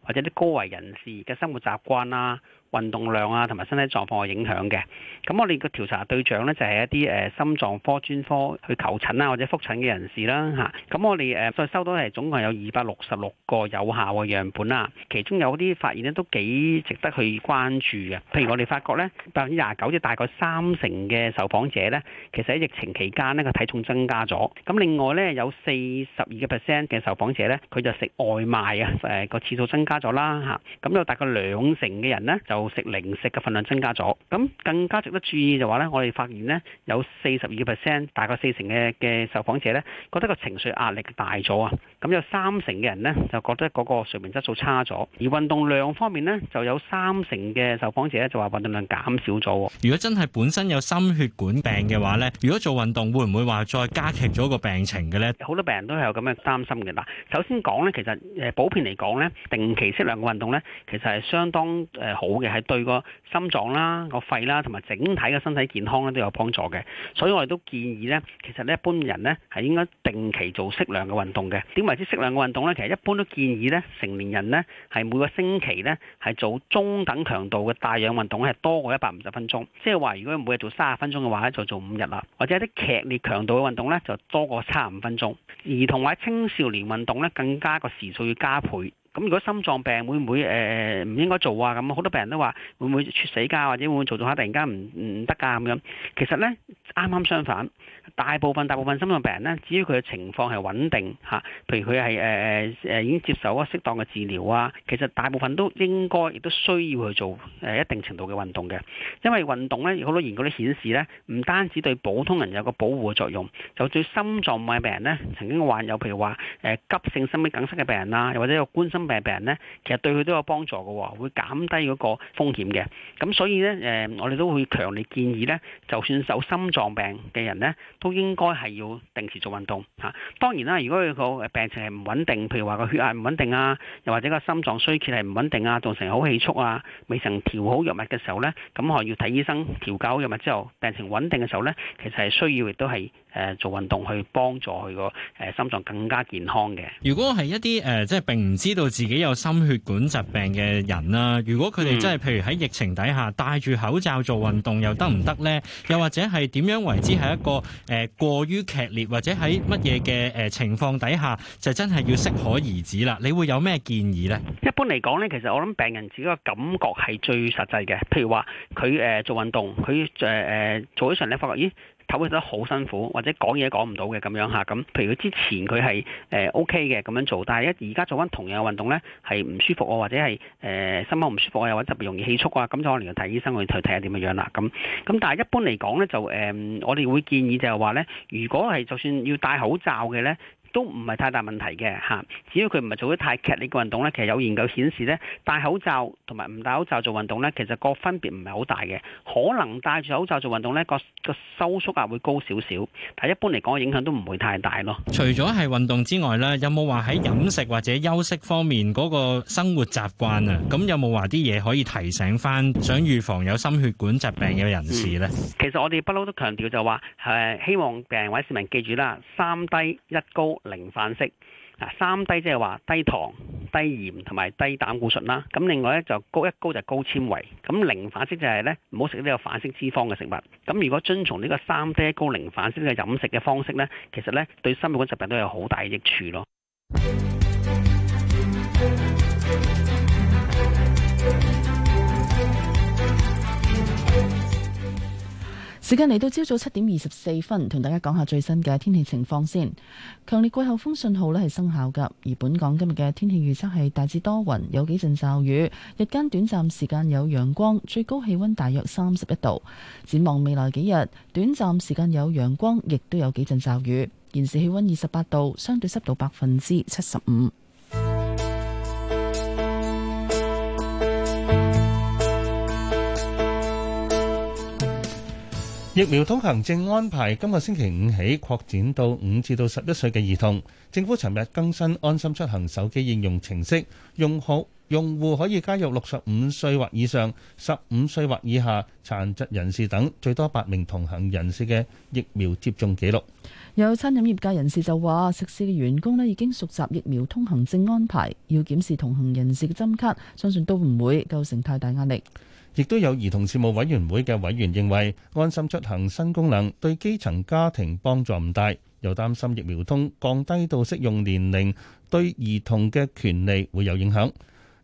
或者啲高危人士嘅生活習慣啦。運動量啊，同埋身體狀況嘅影響嘅。咁我哋個調查對象呢，就係一啲誒心臟科專科去求診啊，或者覆診嘅人士啦，嚇。咁我哋誒再收到係總共有二百六十六個有效嘅樣本啦。其中有啲發現呢，都幾值得去關注嘅。譬如我哋發覺呢，百分之廿九即大概三成嘅受訪者呢，其實喺疫情期間呢個體重增加咗。咁另外呢，有四十二個 percent 嘅受訪者呢，佢就食外賣啊，誒個次數增加咗啦，嚇。咁有大概兩成嘅人呢，就食零食嘅份量增加咗，咁更加值得注意就話咧，我哋發現咧有四十二 percent，大概四成嘅嘅受訪者咧，覺得個情緒壓力大咗啊，咁有三成嘅人咧就覺得嗰個睡眠質素差咗，而運動量方面咧就有三成嘅受訪者咧就話運動量減少咗。如果真係本身有心血管病嘅話咧，如果做運動會唔會話再加劇咗個病情嘅咧？好多病人都係有咁嘅擔心嘅。嗱，首先講咧，其實誒普遍嚟講咧，定期適量嘅運動咧，其實係相當誒好嘅。係對個心臟啦、個肺啦，同埋整體嘅身體健康咧都有幫助嘅。所以我哋都建議呢，其實咧一般人呢係應該定期做適量嘅運動嘅。點為之適量嘅運動呢？其實一般都建議呢成年人呢係每個星期呢係做中等強度嘅帶氧運動，係多過一百五十分鐘。即係話，如果每日做三十分鐘嘅話呢就做五日啦。或者一啲劇烈強度嘅運動呢就多過三十五分鐘。兒童或者青少年運動呢，更加個時數要加倍。咁如果心臟病會唔會誒、呃、唔應該做啊？咁好多病人都話會唔會猝死㗎？啊，或者會唔會做做下突然間唔唔得㗎咁樣？其實咧，啱啱相反。大部分大部分心臟病人呢，只要佢嘅情況係穩定嚇，譬如佢係誒誒已經接受咗適當嘅治療啊，其實大部分都應該亦都需要去做誒一定程度嘅運動嘅，因為運動呢，好多研究都顯示呢，唔單止對普通人有個保護嘅作用，就對心臟病嘅病人呢，曾經患有譬如話誒急性心肌梗塞嘅病人啦，又或者有冠心病病人呢，其實對佢都有幫助嘅，會減低嗰個風險嘅。咁所以呢，誒、呃，我哋都會強烈建議呢，就算有心臟病嘅人呢。都應該係要定期做運動嚇、啊。當然啦，如果佢個病情係唔穩定，譬如話個血壓唔穩定啊，又或者個心臟衰竭係唔穩定啊，造成好氣促啊，未曾調好藥物嘅時候呢，咁可能要睇醫生調教好藥物之後，病情穩定嘅時候呢，其實係需要亦都係。誒做運動去幫助佢個誒心臟更加健康嘅。如果係一啲誒、呃、即係並唔知道自己有心血管疾病嘅人啦，如果佢哋真係、嗯、譬如喺疫情底下戴住口罩做運動又得唔得呢？又或者係點樣為之係一個誒、呃、過於劇烈或者喺乜嘢嘅誒情況底下就真係要適可而止啦？你會有咩建議呢？一般嚟講呢，其實我諗病人自己個感覺係最實際嘅。譬如話佢誒做運動，佢誒誒做起上咧，發覺咦唞氣得好辛苦。或者講嘢講唔到嘅咁樣吓，咁譬如佢之前佢係誒 O K 嘅咁樣做，但係一而家做返同樣嘅運動咧，係唔舒服喎，或者係誒心口唔舒服啊，或者特別容易氣促啊，咁就可能要睇醫生去睇睇下點樣啦。咁咁但係一般嚟講咧，就誒、呃、我哋會建議就係話咧，如果係就算要戴口罩嘅咧，都唔係太大問題嘅吓，只要佢唔係做得太劇烈嘅運動呢，其實有研究顯示呢，戴口罩同埋唔戴口罩做運動呢，其實個分別唔係好大嘅，可能戴住口罩做運動呢，個個收縮壓會高少少，但一般嚟講，影響都唔會太大咯。除咗係運動之外呢，有冇話喺飲食或者休息方面嗰個生活習慣啊？咁有冇話啲嘢可以提醒翻想預防有心血管疾病嘅人士呢？嗯、其實我哋不嬲都強調就話，係希望病位市民記住啦，三低一高。零反式，嗱，三低即係話低糖、低鹽同埋低膽固醇啦。咁另外咧，就高一高就係高纖維。咁零反式就係咧，唔好食呢個反式脂肪嘅食物。咁如果遵從呢個三低高零反式嘅飲食嘅方式咧，其實咧，對心血管疾病都有好大益處咯。時間嚟到朝早七點二十四分，同大家講下最新嘅天氣情況先。強烈季候風信號呢係生效㗎，而本港今日嘅天氣預測係大致多雲，有幾陣驟雨，日間短暫時間有陽光，最高氣溫大約三十一度。展望未來幾日，短暫時間有陽光，亦都有幾陣驟雨。現時氣溫二十八度，相對濕度百分之七十五。疫苗通行證安排，今個星期五起擴展到五至到十一歲嘅兒童。政府尋日更新安心出行手機應用程式，用戶用戶可以加入六十五歲或以上、十五歲或以下、殘疾人士等，最多八名同行人士嘅疫苗接種記錄。有餐飲業界人士就話，食肆嘅員工咧已經熟習疫苗通行證安排，要檢視同行人士嘅針卡，相信都唔會構成太大壓力。亦都有兒童事務委員會嘅委員認為安心出行新功能對基層家庭幫助唔大，又擔心疫苗通降低到適用年齡對兒童嘅權利會有影響。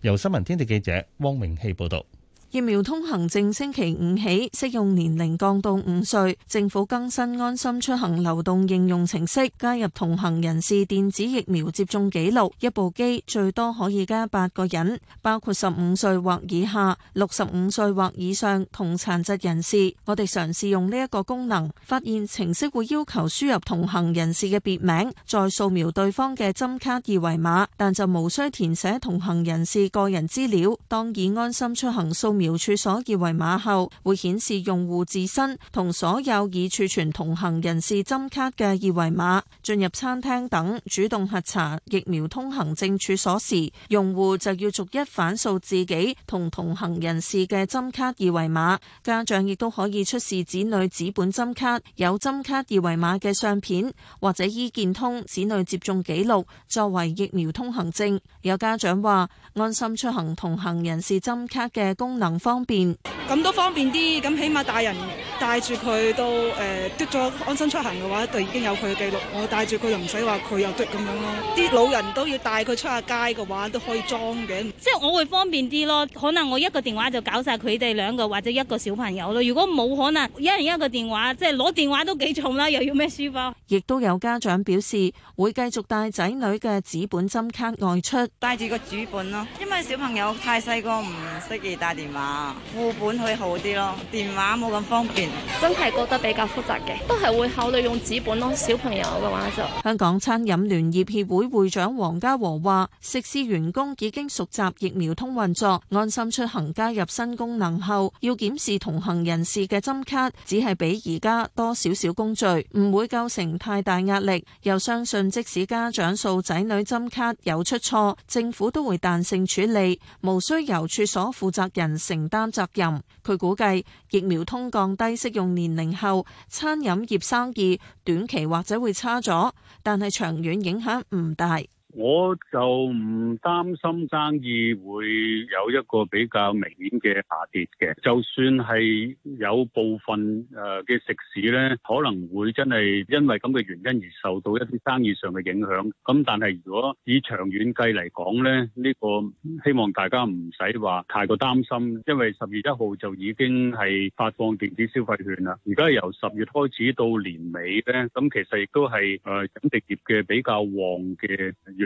由新聞天地記者汪明熙報道。疫苗通行證星期五起適用年齡降到五歲，政府更新安心出行流動應用程式，加入同行人士電子疫苗接種紀錄，一部機最多可以加八個人，包括十五歲或以下、六十五歲或以上同殘疾人士。我哋嘗試用呢一個功能，發現程式會要求輸入同行人士嘅別名，再掃描對方嘅針卡二維碼，但就無需填寫同行人士個人資料。當以安心出行送。苗處所二維碼後，會顯示用戶自身同所有已儲存同行人士針卡嘅二維碼。進入餐廳等主動核查疫苗通行證處所時，用戶就要逐一反數自己同同行人士嘅針卡二維碼。家長亦都可以出示子女紙本針卡，有針卡二維碼嘅相片或者醫健通子女接種記錄作為疫苗通行證。有家長話：安心出行同行人士針卡嘅功能，能方便，咁都方便啲，咁起碼大人帶住佢都誒，嘟咗安心出行嘅話，就已經有佢嘅記錄。我帶住佢就唔使話佢又嘟咁樣咯。啲老人都要帶佢出下街嘅話，都可以裝嘅。即係我會方便啲咯，可能我一個電話就搞晒佢哋兩個或者一個小朋友咯。如果冇可能一人一個電話，即係攞電話都幾重啦，又要咩書包？亦都有家長表示會繼續帶仔女嘅紙本針卡外出，帶住個紙本咯，因為小朋友太細個唔識得帶電話。啊，副本會好啲咯，電話冇咁方便，真係覺得比較複雜嘅，都係會考慮用紙本咯。小朋友嘅話就……香港餐飲聯業協會會長黃家和話，食肆員工已經熟習疫苗通運作，安心出行加入新功能後，要檢視同行人士嘅針卡，只係比而家多少少工序，唔會構成太大壓力。又相信即使家長數仔女針卡有出錯，政府都會彈性處理，無需由處所負責人承擔責任，佢估計疫苗通降低適用年齡後，餐飲業生意短期或者會差咗，但係長遠影響唔大。我就唔擔心生意會有一個比較明顯嘅下跌嘅，就算係有部分誒嘅食肆呢，可能會真係因為咁嘅原因而受到一啲生意上嘅影響。咁但係如果以長遠計嚟講呢，呢個希望大家唔使話太過擔心，因為十月一號就已經係發放電子消費券啦。而家由十月開始到年尾呢，咁其實亦都係誒飲食業嘅比較旺嘅月。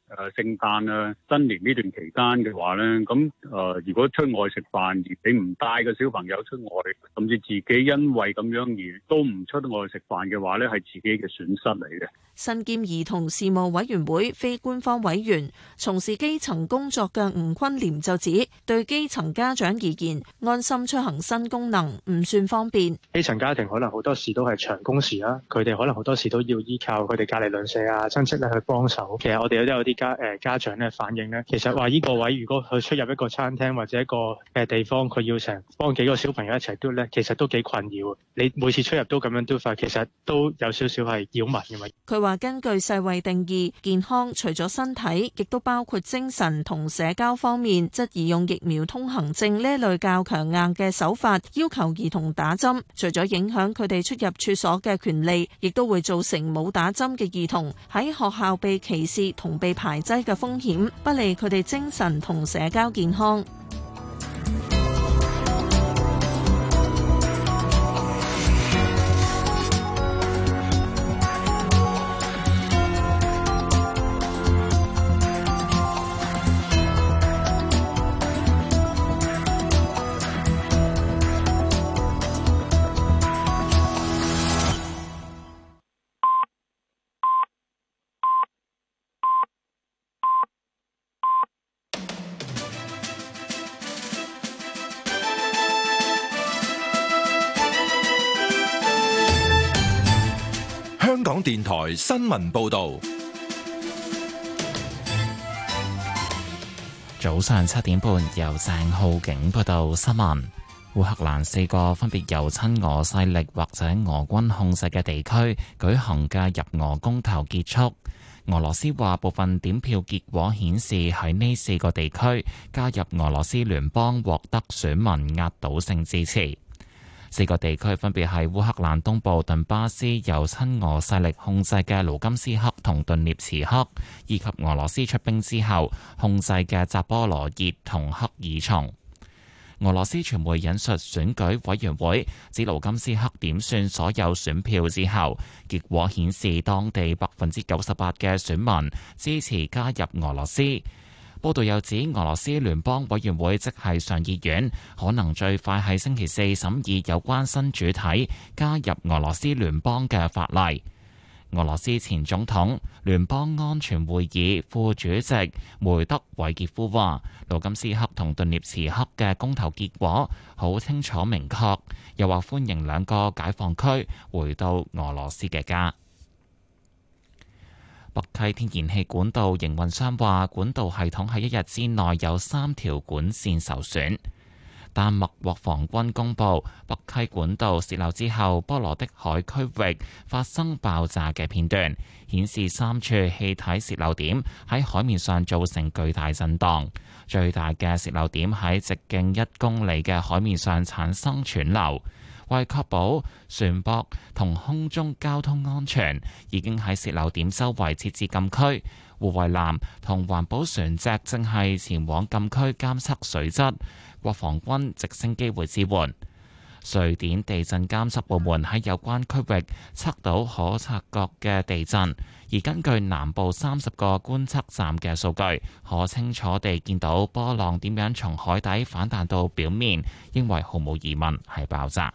誒聖誕啊、新年呢段期間嘅話咧，咁誒如果出外食飯而你唔帶個小朋友出外，甚至自己因為咁樣而都唔出外食飯嘅話咧，係自己嘅損失嚟嘅。身兼兒童事務委員會非官方委員、從事基層工作嘅吳坤廉就指，對基層家長而言，安心出行新功能唔算方便。基層家庭可能好多時都係長工時啦，佢哋可能好多時都要依靠佢哋隔離鄰舍啊、親戚咧去幫手。其實我哋都有啲。家誒家長咧反映咧，其實話依個位如果佢出入一個餐廳或者一個嘅地方，佢要成幫幾個小朋友一齊嘟咧，其實都幾困擾。你每次出入都咁樣嘟法，其實都有少少係擾民嘅。佢話根據世衛定義，健康除咗身體，亦都包括精神同社交方面。質疑用疫苗通行證呢類較強硬嘅手法，要求兒童打針，除咗影響佢哋出入處所嘅權利，亦都會造成冇打針嘅兒童喺學校被歧視同被排。排擠嘅風險，不利佢哋精神同社交健康。電台新聞報道：早上七點半，由鄭浩景報道新聞。烏克蘭四個分別由親俄勢力或者俄軍控制嘅地區舉行嘅入俄公投結束。俄羅斯話，部分點票結果顯示喺呢四個地區加入俄羅斯聯邦獲得選民壓倒性支持。四個地區分別係烏克蘭東部頓巴斯由親俄勢力控制嘅盧甘斯克同頓涅茨克，以及俄羅斯出兵之後控制嘅扎波羅熱同克爾松。俄羅斯傳媒引述選舉委員會指，盧甘斯克點算所有選票之後，結果顯示當地百分之九十八嘅選民支持加入俄羅斯。報道又指俄羅斯聯邦委員會即係上議院，可能最快係星期四審議有關新主體加入俄羅斯聯邦嘅法例。俄羅斯前總統、聯邦安全會議副主席梅德韋傑夫話，盧金斯克同頓涅茨克嘅公投結果好清楚明確，又話歡迎兩個解放區回到俄羅斯嘅家。北溪天然氣管道營運商話，管道系統喺一日之內有三條管線受損。丹麥國防軍公布北溪管道洩漏之後，波羅的海區域發生爆炸嘅片段，顯示三處氣體洩漏點喺海面上造成巨大震盪。最大嘅洩漏點喺直徑一公里嘅海面上產生湍流。為確保船舶同空中交通安全，已經喺洩漏點周圍設置禁區，護衛艦同環保船隻，正係前往禁區監測水質。國防軍直升機會支援。瑞典地震監測部門喺有關區域測到可察覺嘅地震，而根據南部三十個觀測站嘅數據，可清楚地見到波浪點樣從海底反彈到表面，因為毫無疑問係爆炸。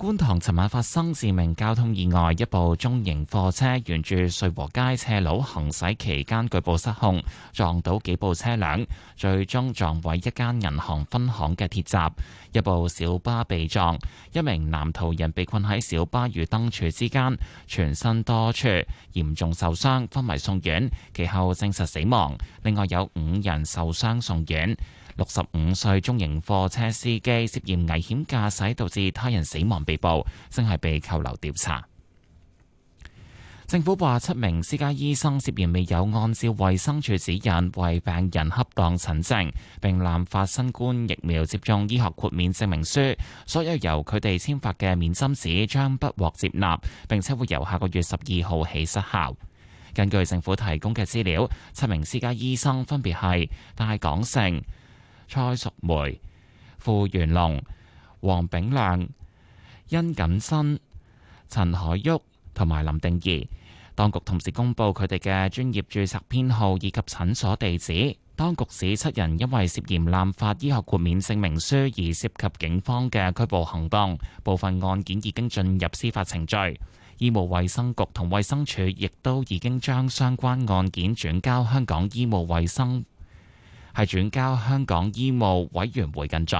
觀塘尋晚發生致命交通意外，一部中型貨車沿住瑞和街斜路行駛期間局部失控，撞到幾部車輛，最終撞毀一間銀行分行嘅鐵閘，一部小巴被撞，一名男途人被困喺小巴與燈柱之間，全身多處嚴重受傷，昏迷送院，其後證實死亡。另外有五人受傷送院。六十五歲中型貨車司機涉嫌危險駕駛，導致他人死亡被捕，正係被扣留調查。政府話七名私家醫生涉嫌未有按照衛生署指引為病人恰當診症，並濫發新冠疫苗接種醫學豁免證明書，所有由佢哋簽發嘅免針紙將不獲接納，並且會由下個月十二號起失效。根據政府提供嘅資料，七名私家醫生分別係大港城。蔡淑梅、傅元龍、黃炳亮、殷錦新、陳海旭同埋林定儀，當局同時公布佢哋嘅專業註冊編號以及診所地址。當局指七人因為涉嫌濫發醫學豁免證明書而涉及警方嘅拘捕行動，部分案件已經進入司法程序。醫務衛生局同衛生署亦都已經將相關案件轉交香港醫務衛生。係轉交香港醫務委員會跟進。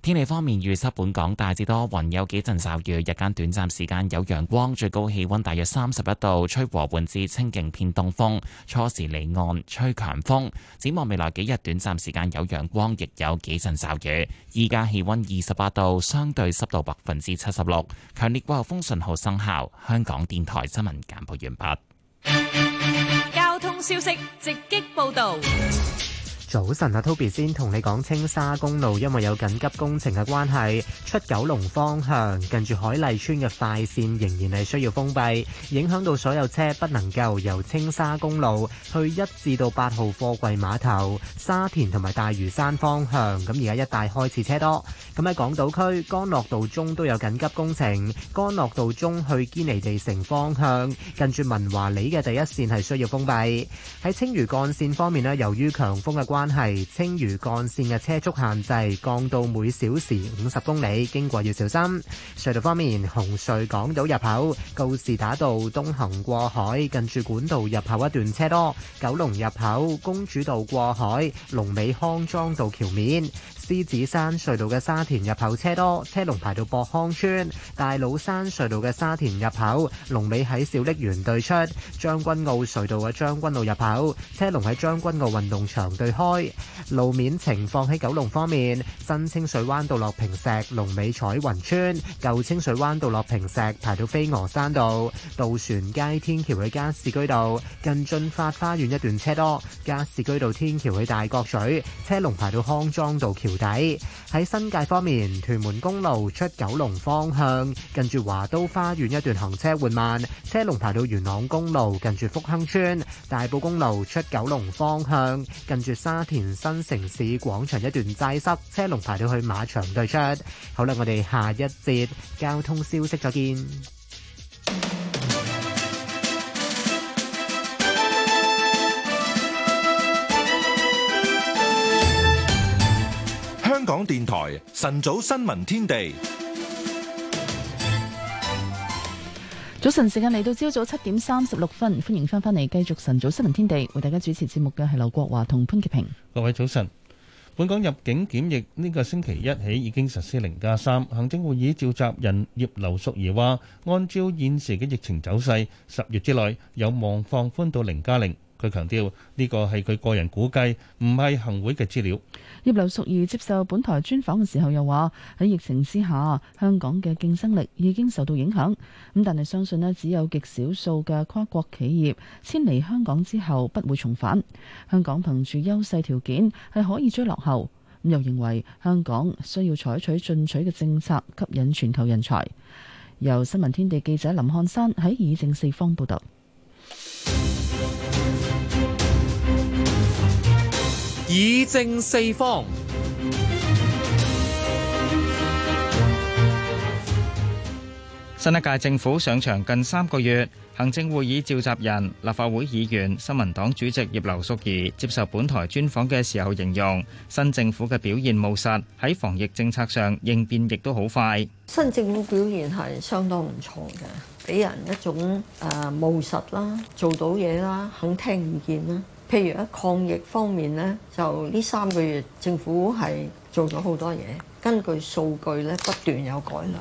天氣方面，預測本港大致多雲，有幾陣驟雨。日間短暫時間有陽光，最高氣溫大約三十一度，吹和緩至清勁偏東風，初時離岸吹強風。展望未來幾日，短暫時間有陽光，亦有幾陣驟雨。依家氣溫二十八度，相對濕度百分之七十六，強烈季候風信號生效。香港電台新聞簡報完畢。交通消息直擊報道。早晨阿 Toby 先同你講，青沙公路因為有緊急工程嘅關係，出九龍方向近住海麗村嘅快線仍然係需要封閉，影響到所有車不能夠由青沙公路去一至到八號貨櫃碼頭、沙田同埋大嶼山方向。咁而家一帶開始車多。咁喺港島區干諾道中都有緊急工程，干諾道中去堅尼地城方向近住文華里嘅第一線係需要封閉。喺青嶼幹線方面咧，由於強風嘅關，係青嶼幹線嘅車速限制降到每小時五十公里，經過要小心。隧道方面，紅隧港島入口告士打道東行過海近住管道入口一段車多；九龍入口公主道過海龍尾康莊道橋面。獅子山隧道嘅沙田入口車多，車龍排到博康村；大老山隧道嘅沙田入口，龍尾喺小瀝源對出；將軍澳隧道嘅將軍澳入口，車龍喺將軍澳運動場對開。路面情況喺九龍方面，新清水灣道到落坪石，龍尾彩雲村；舊清水灣道到落坪石，排到飛鵝山道；渡船街天橋去加士居道近駿發花園一段車多；加士居道天橋去大角咀，車龍排到康莊道橋。喺新界方面，屯門公路出九龍方向，近住華都花園一段行車緩慢，車龍排到元朗公路近住福亨村；大埔公路出九龍方向，近住沙田新城市廣場一段擠塞，車龍排到去馬場對出。好啦，我哋下一節交通消息再見。港電台晨早新聞天地，早晨時間嚟到朝早七點三十六分，歡迎翻返嚟繼續晨早新聞天地，為大家主持節目嘅係劉國華同潘潔平。各位早晨，本港入境檢疫呢個星期一起已經實施零加三，行政會議召集人葉劉淑儀話，按照現時嘅疫情走勢，十月之內有望放寬到零加零。佢強調呢個係佢個人估計，唔係行會嘅資料。葉劉淑儀接受本台專訪嘅時候又話：喺疫情之下，香港嘅競爭力已經受到影響。咁但係相信咧，只有極少數嘅跨國企業遷離香港之後不會重返。香港憑住優勢條件係可以追落後。咁又認為香港需要採取進取嘅政策吸引全球人才。由新聞天地記者林漢山喺議政四方報道。以正四方。新一屆政府上場近三個月，行政會議召集人、立法會議員、新民黨主席葉劉淑儀接受本台專訪嘅時候，形容新政府嘅表現務實，喺防疫政策上應變亦都好快。新政府表現係相當唔錯嘅，俾人一種誒、呃、務實啦，做到嘢啦，肯聽意見啦。譬如喺抗疫方面咧，就呢三個月政府係做咗好多嘢，根據數據咧不斷有改良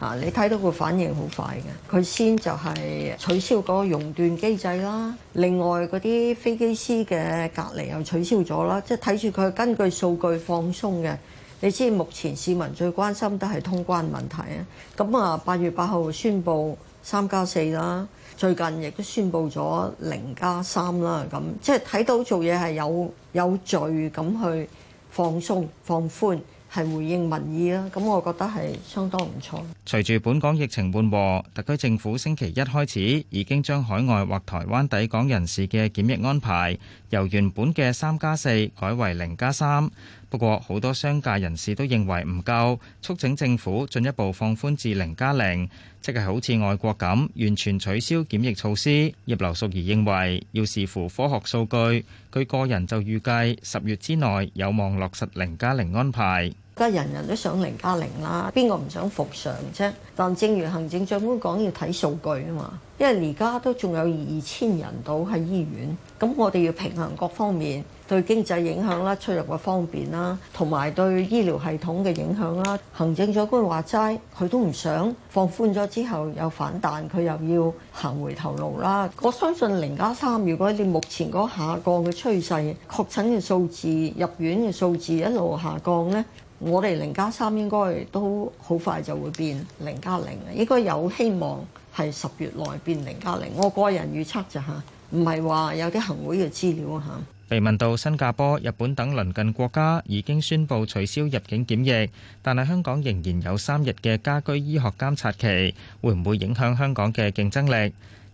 嚇，啊，你睇到個反應好快嘅。佢先就係取消嗰個熔斷機制啦，另外嗰啲飛機師嘅隔離又取消咗啦，即係睇住佢根據數據放鬆嘅。你知目前市民最關心都係通關問題啊，咁啊八月八號宣布三加四啦。最近亦都宣布咗零加三啦，咁即係睇到做嘢係有有序咁去放鬆放寬，係回應民意啦。咁我覺得係相當唔錯。隨住本港疫情緩和，特區政府星期一開始已經將海外或台灣抵港人士嘅檢疫安排由原本嘅三加四改為零加三。3, 不過，好多商界人士都認為唔夠，促請政府進一步放寬至零加零，即係好似外國咁，完全取消檢疫措施。葉劉淑儀認為要視乎科學數據，佢個人就預計十月之內有望落實零加零安排。家人人都想零加零啦，邊個唔想復常啫？但正如行政長官講，要睇數據啊嘛。因為而家都仲有二千人到喺醫院，咁我哋要平衡各方面對經濟影響啦、出入嘅方便啦，同埋對醫療系統嘅影響啦。行政長官話齋，佢都唔想放寬咗之後又反彈，佢又要行回頭路啦。我相信零加三，3，如果你目前嗰下降嘅趨勢、確診嘅數字、入院嘅數字一路下降呢，我哋零加三應該都好快就會變零加零，0，應該有希望。係十月內變零加零，我個人預測就嚇，唔係話有啲行會嘅資料啊嚇。被問到新加坡、日本等鄰近國家已經宣布取消入境檢疫，但係香港仍然有三日嘅家居醫學監察期，會唔會影響香港嘅競爭力？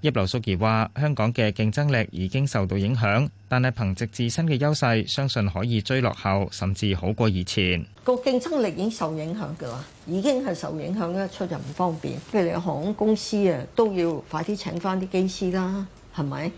葉劉淑儀話：香港嘅競爭力已經受到影響，但係憑借自身嘅優勢，相信可以追落後，甚至好過以前。個競爭力已經受影響噶啦，已經係受影響，一出入唔方便，譬如，你航空公司啊，都要快啲請翻啲機師啦，係咪？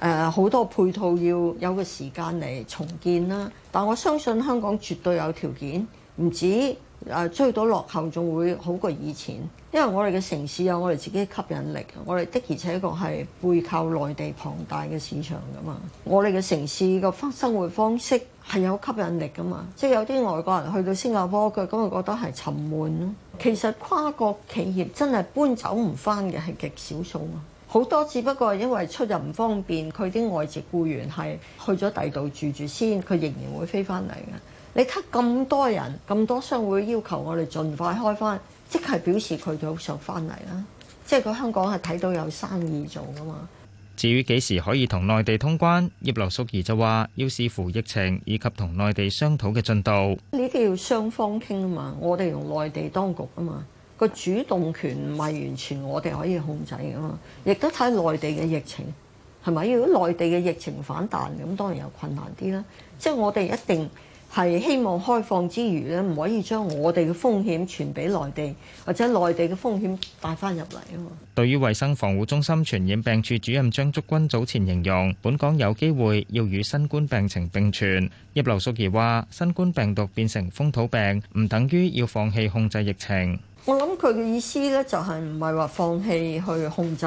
誒，好多配套要有個時間嚟，重建啦。但我相信香港絕對有條件，唔止。誒追到落後仲會好過以前，因為我哋嘅城市有我哋自己嘅吸引力，我哋的而且確係背靠內地龐大嘅市場㗎嘛。我哋嘅城市個生活方式係有吸引力㗎嘛，即係有啲外國人去到新加坡，佢咁啊覺得係沉悶咯。其實跨國企業真係搬走唔翻嘅係極少數嘛，好多只不過因為出入唔方便，佢啲外籍僱員係去咗第二度住住先，佢仍然會飛翻嚟嘅。你睇咁多人咁多商會要求我哋盡快開翻，即係表示佢哋好想翻嚟啦。即係佢香港係睇到有生意做噶嘛。至於幾時可以同內地通關，葉劉淑儀就話要視乎疫情以及同內地商討嘅進度。呢啲要雙方傾啊嘛，我哋用內地當局啊嘛，個主動權唔係完全我哋可以控制啊嘛。亦都睇內地嘅疫情係咪？如果內地嘅疫情反彈，咁，當然有困難啲啦。即係我哋一定。係希望開放之餘咧，唔可以將我哋嘅風險傳俾內地，或者內地嘅風險帶翻入嚟啊！對於衞生防護中心傳染病處主任張竹君早前形容，本港有機會要與新冠病情並存。葉劉淑儀話，新冠病毒變成風土病，唔等於要放棄控制疫情。我諗佢嘅意思咧，就係唔係話放棄去控制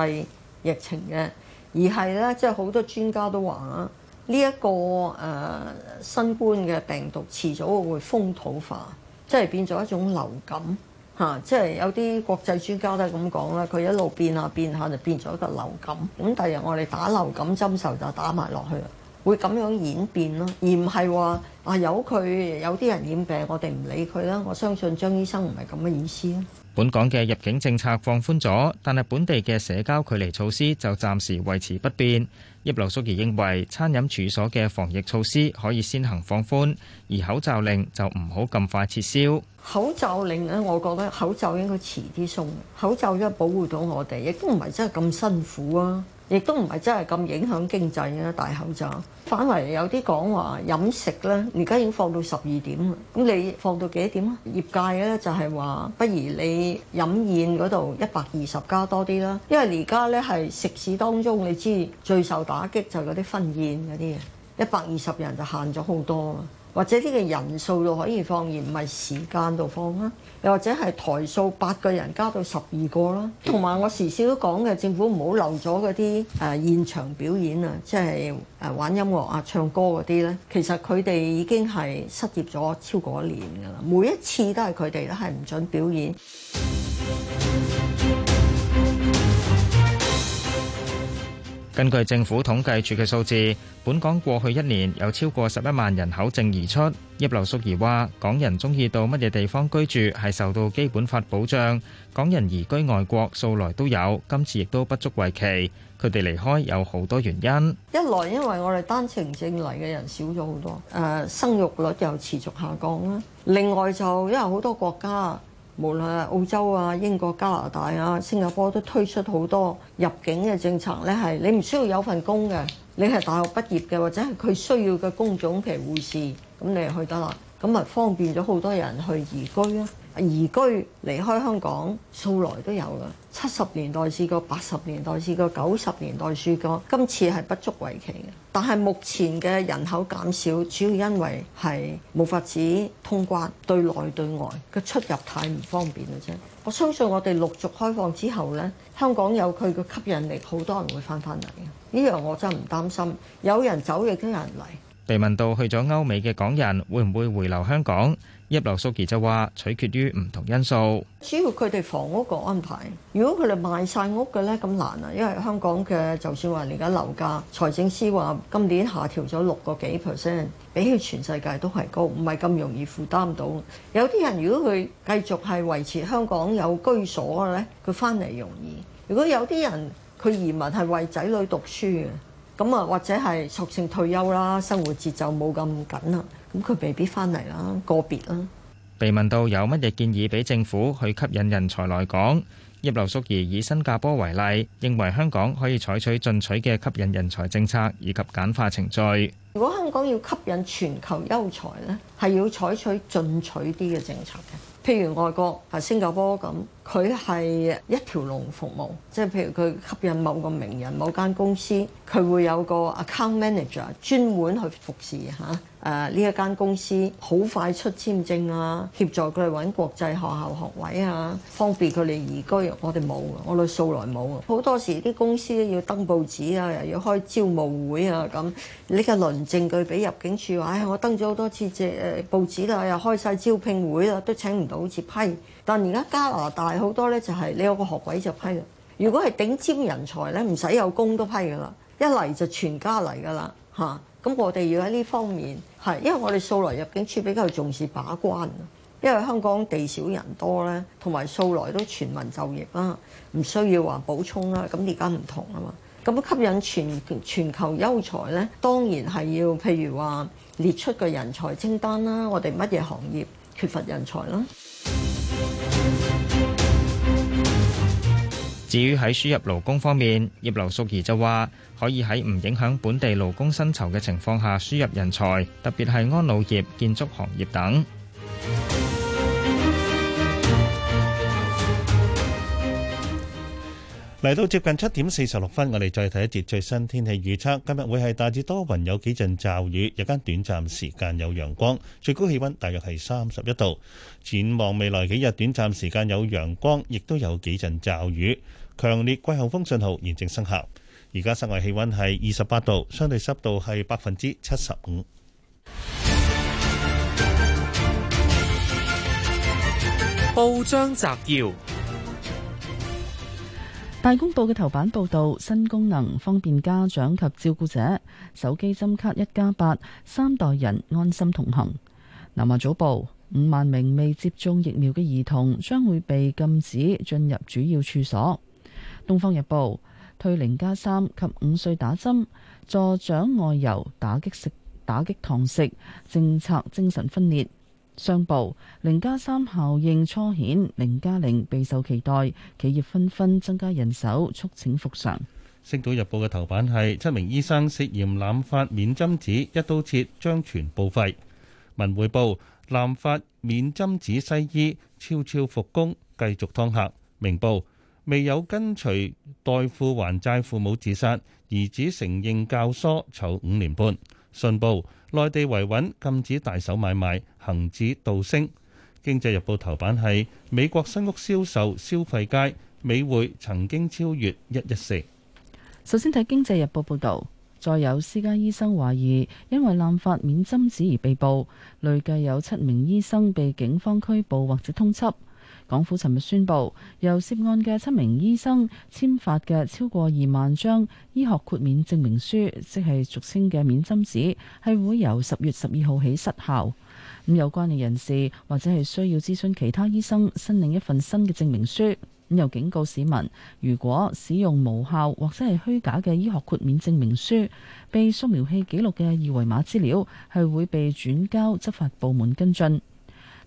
疫情嘅，而係咧，即係好多專家都話啊。呢一、這個誒、呃、新冠嘅病毒遲早會風土化，即係變咗一種流感嚇、啊，即係有啲國際專家都係咁講啦。佢一路變下變下,變下就變咗一個流感，咁、嗯、第日我哋打流感針時就打埋落去啦，會咁樣演變咯，而唔係話啊由佢有啲人染病，我哋唔理佢啦。我相信張醫生唔係咁嘅意思。本港嘅入境政策放寬咗，但係本地嘅社交距離措施就暫時維持不變。葉劉淑儀認為，餐飲處所嘅防疫措施可以先行放寬，而口罩令就唔好咁快撤銷。口罩令咧，我覺得口罩應該遲啲鬆。口罩一保護到我哋，亦都唔係真係咁辛苦啊。亦都唔係真係咁影響經濟啊！戴口罩反為，有啲講話飲食咧，而家已經放到十二點啦。咁你放到幾多點啊？業界咧就係話，不如你飲宴嗰度一百二十加多啲啦，因為而家咧係食肆當中，你知最受打擊就係嗰啲婚宴嗰啲，一百二十人就限咗好多。或者呢個人數度可以放，而唔係時間度放啦。又或者係台數八個人加到十二個啦。同埋我時時都講嘅，政府唔好漏咗嗰啲誒現場表演啊，即係誒玩音樂啊、唱歌嗰啲咧。其實佢哋已經係失業咗超過一年㗎啦。每一次都係佢哋都係唔準表演。 根據政府統計處嘅數字，本港過去一年有超過十一萬人口淨移出。葉劉淑儀話：港人鍾意到乜嘢地方居住係受到基本法保障，港人移居外國素來都有，今次亦都不足為奇。佢哋離開有好多原因，一來因為我哋單程證嚟嘅人少咗好多，誒、呃、生育率又持續下降啦。另外就因為好多國家。無論係澳洲啊、英國、加拿大啊、新加坡都推出好多入境嘅政策咧，係你唔需要有份工嘅，你係大學畢業嘅或者係佢需要嘅工種，譬如護士，咁你就去得啦，咁啊方便咗好多人去移居啦，移居離開香港數來都有噶。七十年代至過，八十年代至過，九十年代試過，今次係不足為奇嘅。但係目前嘅人口減少，主要因為係冇法子通關，對內對外嘅出入太唔方便嘅啫。我相信我哋陸續開放之後呢，香港有佢嘅吸引力，好多人都會翻翻嚟嘅。呢樣我真係唔擔心，有人走亦都有人嚟。被問到去咗歐美嘅港人會唔會回流香港？葉劉淑儀就話：取決於唔同因素，主要佢哋房屋個安排。如果佢哋賣晒屋嘅咧，咁難啊！因為香港嘅，就算話而家樓價，財政司話今年下調咗六個幾 percent，比起全世界都係高，唔係咁容易負擔到。有啲人如果佢繼續係維持香港有居所嘅咧，佢翻嚟容易。如果有啲人佢移民係為仔女讀書嘅，咁啊或者係索性退休啦，生活節奏冇咁緊啦。咁佢未必翻嚟啦，個別啦。被問到有乜嘢建議俾政府去吸引人才來港，葉劉淑儀以新加坡為例，認為香港可以採取進取嘅吸引人才政策以及簡化程序。如果香港要吸引全球優才呢，係要採取進取啲嘅政策嘅，譬如外國啊，新加坡咁。佢係一條龍服務，即係譬如佢吸引某個名人、某間公司，佢會有個 account manager 專門去服侍嚇誒呢一間公司，好快出簽證啊，協助佢哋揾國際學校學位啊，方便佢哋移居。我哋冇，啊，我哋素來冇。啊。好多時啲公司要登報紙啊，又要開招募會啊，咁呢個論證據俾入境處話，唉、哎，我登咗好多次誒報紙啊，又開晒招聘會啊，都請唔到，好似批。但而家加拿大好多咧，就係你有個學位就批啦。如果係頂尖人才咧，唔使有工都批噶啦，一嚟就全家嚟噶啦嚇。咁我哋要喺呢方面係，因為我哋素來入境處比較重視把關，因為香港地少人多咧，同埋素來都全民就業啦，唔需要話補充啦。咁而家唔同啊嘛，咁吸引全全球優才咧，當然係要譬如話列出個人才清單啦。我哋乜嘢行業缺乏人才啦？至於喺輸入勞工方面，葉劉淑儀就話可以喺唔影響本地勞工薪酬嘅情況下輸入人才，特別係安老業、建築行業等。嚟到接近七點四十六分，我哋再睇一節最新天氣預測。今日會係大致多雲，有幾陣驟雨，日間短暫時間有陽光，最高氣温大約係三十一度。展望未來幾日，短暫時間有陽光，亦都有幾陣驟雨。強烈季候風信號現正生效。而家室外氣温係二十八度，相對濕度係百分之七十五。報章摘要：大公報嘅頭版報道新功能，方便家長及照顧者。手機針卡一加八，三代人安心同行。南華早報：五萬名未接種疫苗嘅兒童將會被禁止進入主要處所。東方日報推零加三及五歲打針助長外遊，打擊食打擊堂食政策精神分裂商報零加三效應初顯，零加零備受期待，企業紛紛增加人手促請復常。星島日報嘅頭版係七名醫生涉嫌濫發免針紙，一刀切將全部報廢。文匯報濫發免針紙，西醫悄悄復工繼續劏客。明報。未有跟隨代父還債父母自殺，兒子承認教唆囚五年半。信報：內地維穩禁止大手買賣，恆指倒升。經濟日報頭版係美國新屋銷售消費佳，美匯曾經超越一一四。首先睇經濟日報報道，再有私家醫生懷疑因為濫發免針紙而被捕，累計有七名醫生被警方拘捕或者通緝。港府尋日宣布，由涉案嘅七名醫生簽發嘅超過二萬張醫學豁免證明書，即係俗稱嘅免針紙，係會由十月十二號起失效。咁有關嘅人士或者係需要諮詢其他醫生，申領一份新嘅證明書。咁又警告市民，如果使用無效或者係虛假嘅醫學豁免證明書，被掃描器記錄嘅二維碼資料係會被轉交執法部門跟進。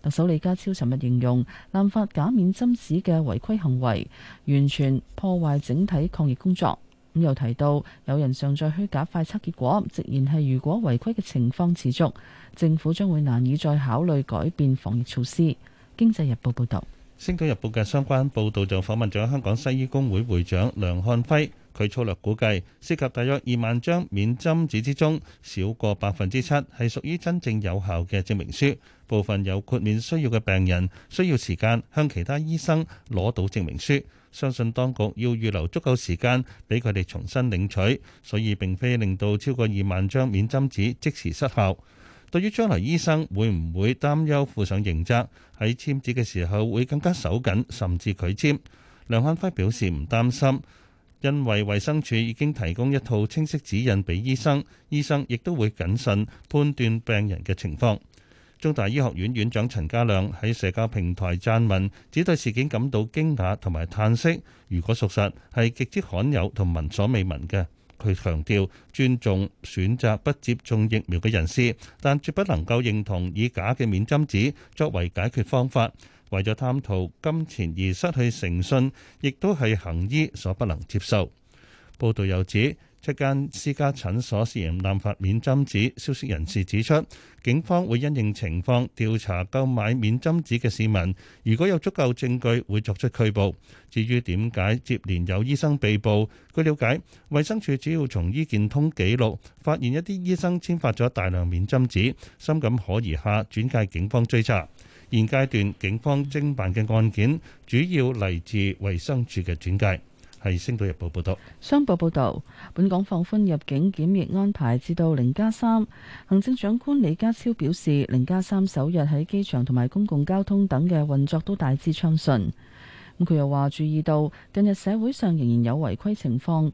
特首李家超尋日形容濫發假免針紙嘅違規行為，完全破壞整體抗疫工作。咁又提到，有人上載虛假快測結果。直言係，如果違規嘅情況持續，政府將會難以再考慮改變防疫措施。經濟日報報道，星島日報嘅相關報道就訪問咗香港西醫工會會長梁漢輝，佢粗略估計，涉及大約二萬張免針紙之中，少過百分之七係屬於真正有效嘅證明書。部分有豁免需要嘅病人需要時間向其他醫生攞到證明書，相信當局要預留足夠時間俾佢哋重新領取，所以並非令到超過二萬張免針紙即時失效。對於將來醫生會唔會擔憂負上刑責喺簽字嘅時候會更加守緊甚至拒簽，梁漢輝表示唔擔心，因為衛生署已經提供一套清晰指引俾醫生，醫生亦都會謹慎判斷病人嘅情況。中大醫學院院長陳家亮喺社交平台撰文，指對事件感到驚訝同埋嘆息。如果屬實，係極之罕有同聞所未聞嘅。佢強調尊重選擇不接種疫苗嘅人士，但絕不能夠認同以假嘅免針紙作為解決方法。為咗貪圖金錢而失去誠信，亦都係行醫所不能接受。報道又指，一間私家診所涉嫌濫發免針紙，消息人士指出，警方會因應情況調查購買免針紙嘅市民，如果有足夠證據，會作出拘捕。至於點解接連有醫生被捕，據了解，衛生署主要從醫健通記錄發現一啲醫生簽發咗大量免針紙，深感可疑下轉介警方追查。現階段警方偵辦嘅案件主要嚟自衛生署嘅轉介。係《星島日報》報道，商報報道，本港放寬入境檢疫安排至到零加三。3，行政長官李家超表示，零加三首日喺機場同埋公共交通等嘅運作都大致暢順。咁、嗯、佢又話，注意到近日社會上仍然有違規情況，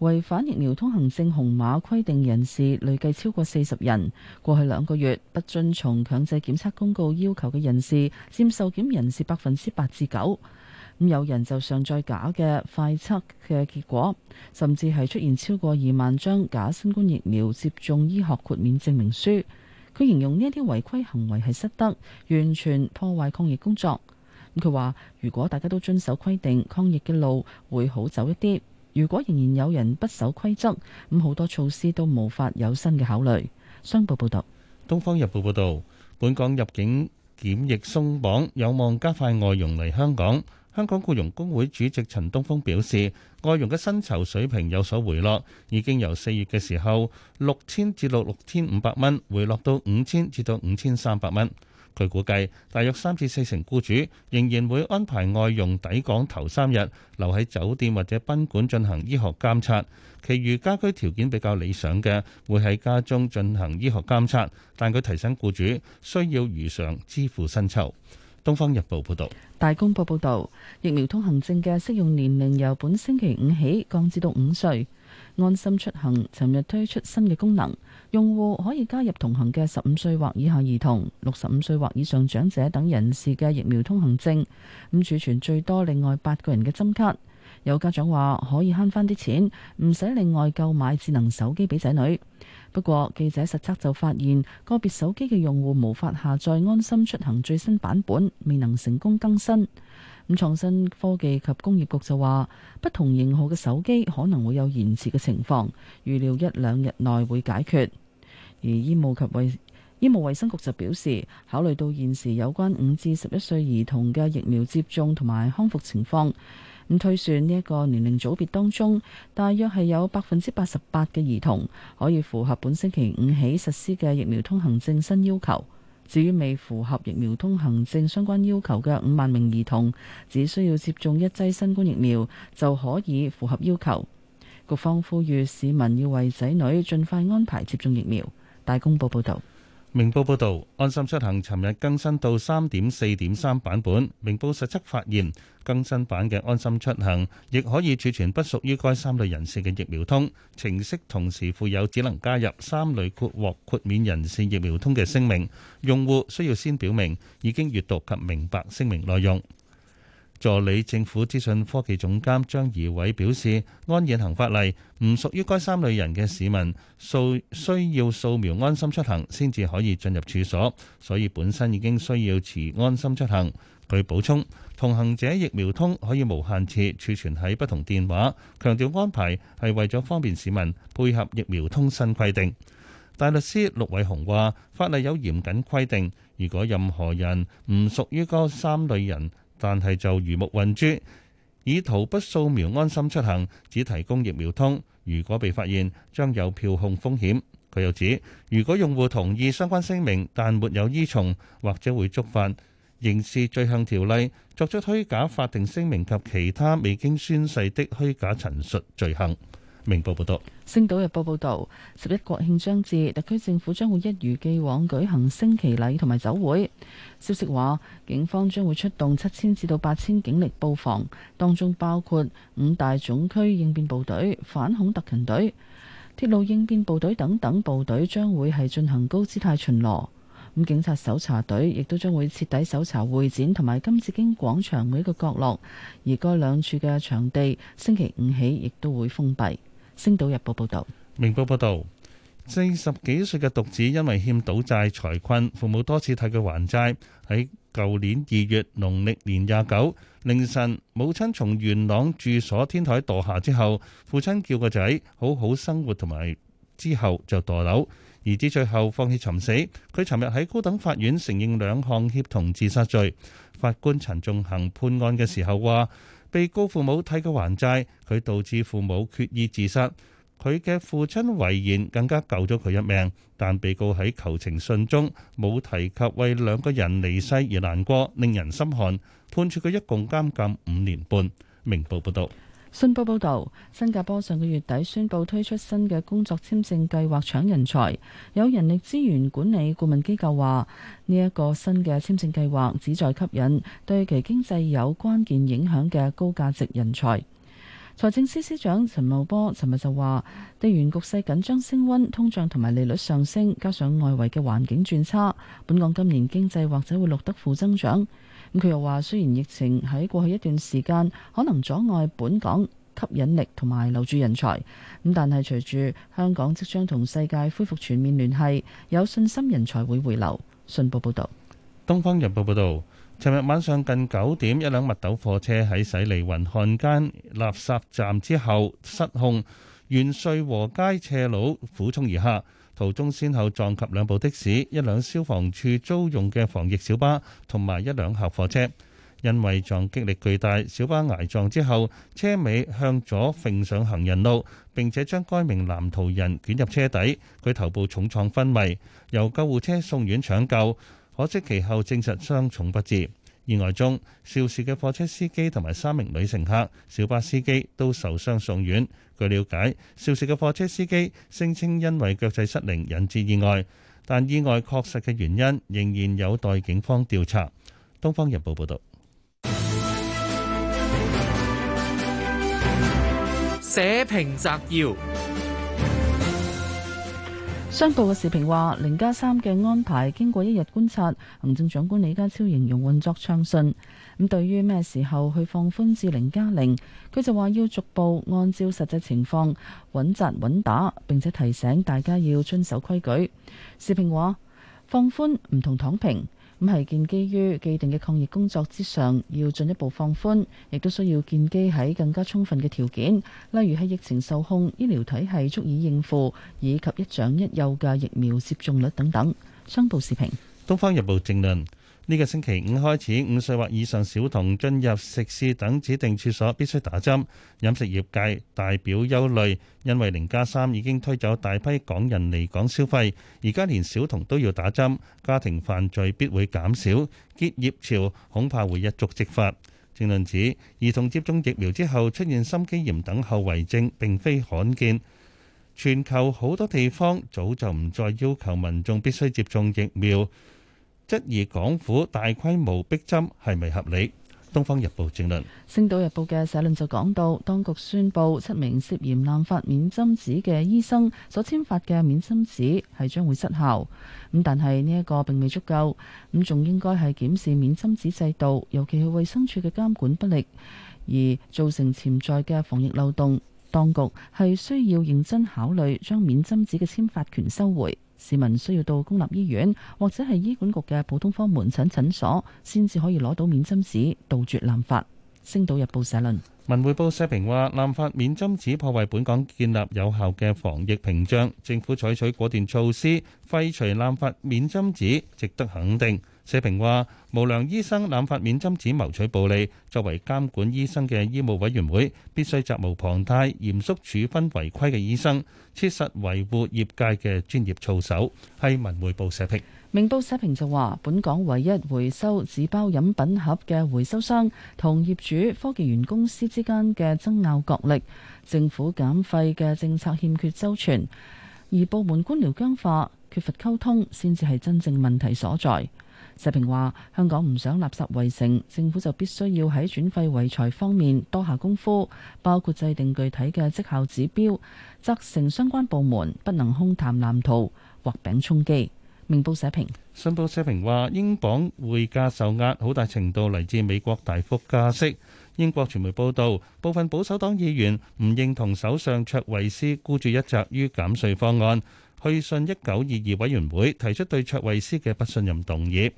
違反疫苗通行證紅碼規定人士累計超過四十人。過去兩個月不遵從強制檢測公告要求嘅人士佔受檢人士百分之八至九。咁有人就上載假嘅快測嘅結果，甚至係出現超過二萬張假新冠疫苗接種醫學豁免證明書。佢形容呢一啲違規行為係失德，完全破壞抗疫工作。佢話：如果大家都遵守規定，抗疫嘅路會好走一啲。如果仍然有人不守規則，咁好多措施都無法有新嘅考慮。商報報導，《東方日報》報道：「本港入境檢疫鬆綁有望加快外傭嚟香港。香港僱傭工會主席陳東峰表示，外傭嘅薪酬水平有所回落，已經由四月嘅時候六千至到六千五百蚊，6, 回落到五千至到五千三百蚊。佢估計大約三至四成僱主仍然會安排外傭抵港頭三日留喺酒店或者賓館進行醫學監察，其餘家居條件比較理想嘅會喺家中進行醫學監察。但佢提醒僱主需要如常支付薪酬。東方日報報道，大公報報道，疫苗通行證嘅適用年齡由本星期五起降至到五歲，安心出行尋日推出新嘅功能，用戶可以加入同行嘅十五歲或以下兒童、六十五歲或以上長者等人士嘅疫苗通行證，咁儲存最多另外八個人嘅針卡。有家長話可以慳翻啲錢，唔使另外購買智能手機俾仔女。不過，記者實測就發現，個別手機嘅用戶無法下載安心出行最新版本，未能成功更新。咁創新科技及工業局就話，不同型號嘅手機可能會有延遲嘅情況，預料一兩日內會解決。而醫務及衛，醫務衛生局就表示，考慮到現時有關五至十一歲兒童嘅疫苗接種同埋康復情況。咁推算呢一個年齡組別當中，大約係有百分之八十八嘅兒童可以符合本星期五起實施嘅疫苗通行證新要求。至於未符合疫苗通行證相關要求嘅五萬名兒童，只需要接種一劑新冠疫苗就可以符合要求。局方呼籲市民要為仔女盡快安排接種疫苗。大公報報道。明報報導，安心出行尋日更新到三點四點三版本。明報實測發現，更新版嘅安心出行亦可以儲存不屬於該三類人士嘅疫苗通，程式同時附有只能加入三類括獲豁免人士疫苗通嘅聲明。用戶需要先表明已經閱讀及明白聲明內容。助理政府資訊科技總監張怡偉表示，按現行法例，唔屬於該三類人嘅市民，需需要掃描安心出行先至可以進入處所，所以本身已經需要持安心出行。佢補充，同行者疫苗通可以無限次儲存喺不同電話，強調安排係為咗方便市民配合疫苗通新規定。大律師陸偉雄話，法例有嚴謹規定，如果任何人唔屬於該三類人。但係就魚目混珠，以圖不掃描安心出行，只提供疫苗通。如果被發現，將有票控風險。佢又指，如果用戶同意相關聲明，但沒有依從，或者會觸犯刑事罪行條例，作出虛假法定聲明及其他未經宣誓的虛假陳述罪行。明報報道：《星島日報》報道，十一國慶將至，特區政府將會一如既往舉行升旗禮同埋酒會。消息話，警方將會出動七千至到八千警力布防，當中包括五大總區應變部隊、反恐特勤隊、鐵路應變部隊等等部隊，將會係進行高姿態巡邏。咁，警察搜查隊亦都將會徹底搜查會展同埋金紫荊廣場每一個角落，而該兩處嘅場地星期五起亦都會封閉。星島日報報道，明報報道，四十幾歲嘅獨子因為欠賭債財困，父母多次替佢還債。喺舊年二月農曆年廿九凌晨，母親從元朗住所天台墮下之後，父親叫個仔好好生活，同埋之後就墮樓。兒子最後放棄尋死。佢尋日喺高等法院承認兩項協同自殺罪。法官陳仲恆判案嘅時候話：被告父母替佢還債，佢導致父母決意自殺，佢嘅父親遺言更加救咗佢一命。但被告喺求情信中冇提及為兩個人離世而難過，令人心寒。判處佢一共監禁五年半。明報報道。信報報導，新加坡上個月底宣布推出新嘅工作簽證計劃搶人才。有人力資源管理顧問機構話，呢、這、一個新嘅簽證計劃旨在吸引對其經濟有關鍵影響嘅高價值人才。財政司司長陳茂波尋日就話，地緣局勢緊張升溫，通脹同埋利率上升，加上外圍嘅環境轉差，本港今年經濟或者會錄得負增長。佢又話：雖然疫情喺過去一段時間可能阻礙本港吸引力同埋留住人才，咁但係隨住香港即將同世界恢復全面聯繫，有信心人才會回流。信報報導，東方日報報道：「尋日晚上近九點，一輛密斗貨車喺駛離雲漢間垃圾站之後失控，元帥和街斜路俯衝而下。途中先後撞及兩部的士，一輛消防處租用嘅防疫小巴，同埋一輛客貨車。因為撞擊力巨大，小巴挨撞之後，車尾向左揈上行人路，並且將該名男途人捲入車底，佢頭部重創昏迷，由救護車送院搶救，可惜其後證實傷重不治。意外中，肇事嘅貨車司機同埋三名女乘客，小巴司機都受傷送院。據了解，肇事嘅貨車司機聲稱因為腳掣失靈引致意外，但意外確實嘅原因仍然有待警方調查。東方日報報道，社評摘要：商報嘅時評話，零加三嘅安排經過一日觀察，行政長官李家超形容運作暢順。咁，對於咩時候去放寬至零加零，佢就話要逐步按照實際情況穩紮穩打，並且提醒大家要遵守規矩。時評話放寬唔同躺平，咁係建基於既定嘅抗疫工作之上，要進一步放寬，亦都需要建基喺更加充分嘅條件，例如喺疫情受控、醫療體系足以應付以及一長一幼嘅疫苗接種率等等。商報時評，《東方日報》正論。呢個星期五開始，五歲或以上小童進入食肆等指定處所必須打針。飲食業界大表憂慮，因為零加三已經推走大批港人嚟港消費，而家連小童都要打針，家庭犯罪必會減少，結業潮恐怕會一觸即發。正論指兒童接種疫苗之後出現心肌炎等後遺症並非罕見，全球好多地方早就唔再要求民眾必須接種疫苗。質疑港府大規模逼針係咪合理？東方日報正論，《星島日報》嘅社論就講到，當局宣佈七名涉嫌濫發免針紙嘅醫生所簽發嘅免針紙係將會失效。咁但係呢一個並未足夠，咁仲應該係檢視免針紙制度，尤其係衛生署嘅監管不力而造成潛在嘅防疫漏洞。當局係需要認真考慮將免針紙嘅簽發權收回。市民需要到公立醫院或者係醫管局嘅普通科門診診所，先至可以攞到免針紙，杜絕濫發。星島日報社論，文匯報社評話：濫發免針紙破壞本港建立有效嘅防疫屏障，政府採取果斷措施廢除濫發免針紙，值得肯定。社評話：無良醫生濫發免針紙謀取暴利，作為監管醫生嘅醫務委員會，必須責無旁貸，嚴肅處分違規嘅醫生，切實維護業界嘅專業操守。係文匯報社評。明報社評就話：本港唯一回收紙包飲品盒嘅回收商同業主科技園公司之間嘅爭拗角力，政府減廢嘅政策欠缺周全，而部門官僚僵化、缺乏溝通，先至係真正問題所在。社評話：香港唔想垃圾圍城，政府就必須要喺轉廢為財方面多下功夫，包括制定具體嘅績效指標，責成相關部門不能空談藍圖、畫餅充飢。明報社評。新報社評話：英鎊匯價受壓，好大程度嚟自美國大幅加息。英國傳媒報道，部分保守黨議員唔認同首相卓慧思孤注一擲於減稅方案。去信一九二二委員會，提出對卓慧斯嘅不信任動議。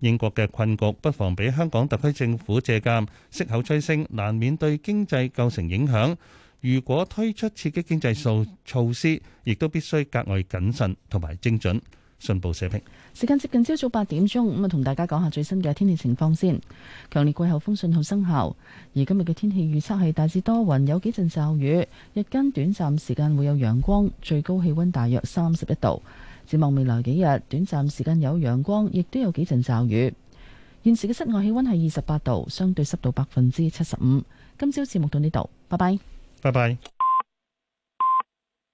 英國嘅困局不妨俾香港特區政府借鑑，息口追升難免對經濟構成影響。如果推出刺激經濟措措施，亦都必須格外謹慎同埋精準。信報社評。時間接近朝早八點鐘，咁啊同大家講下最新嘅天氣情況先。強烈季候風信號生效，而今日嘅天氣預測係大致多雲，有幾陣驟雨，日間短暫時間會有陽光，最高氣溫大約三十一度。展望未來幾日，短暫時間有陽光，亦都有幾陣驟雨。現時嘅室外氣溫係二十八度，相對濕度百分之七十五。今朝節目到呢度，拜拜，拜拜。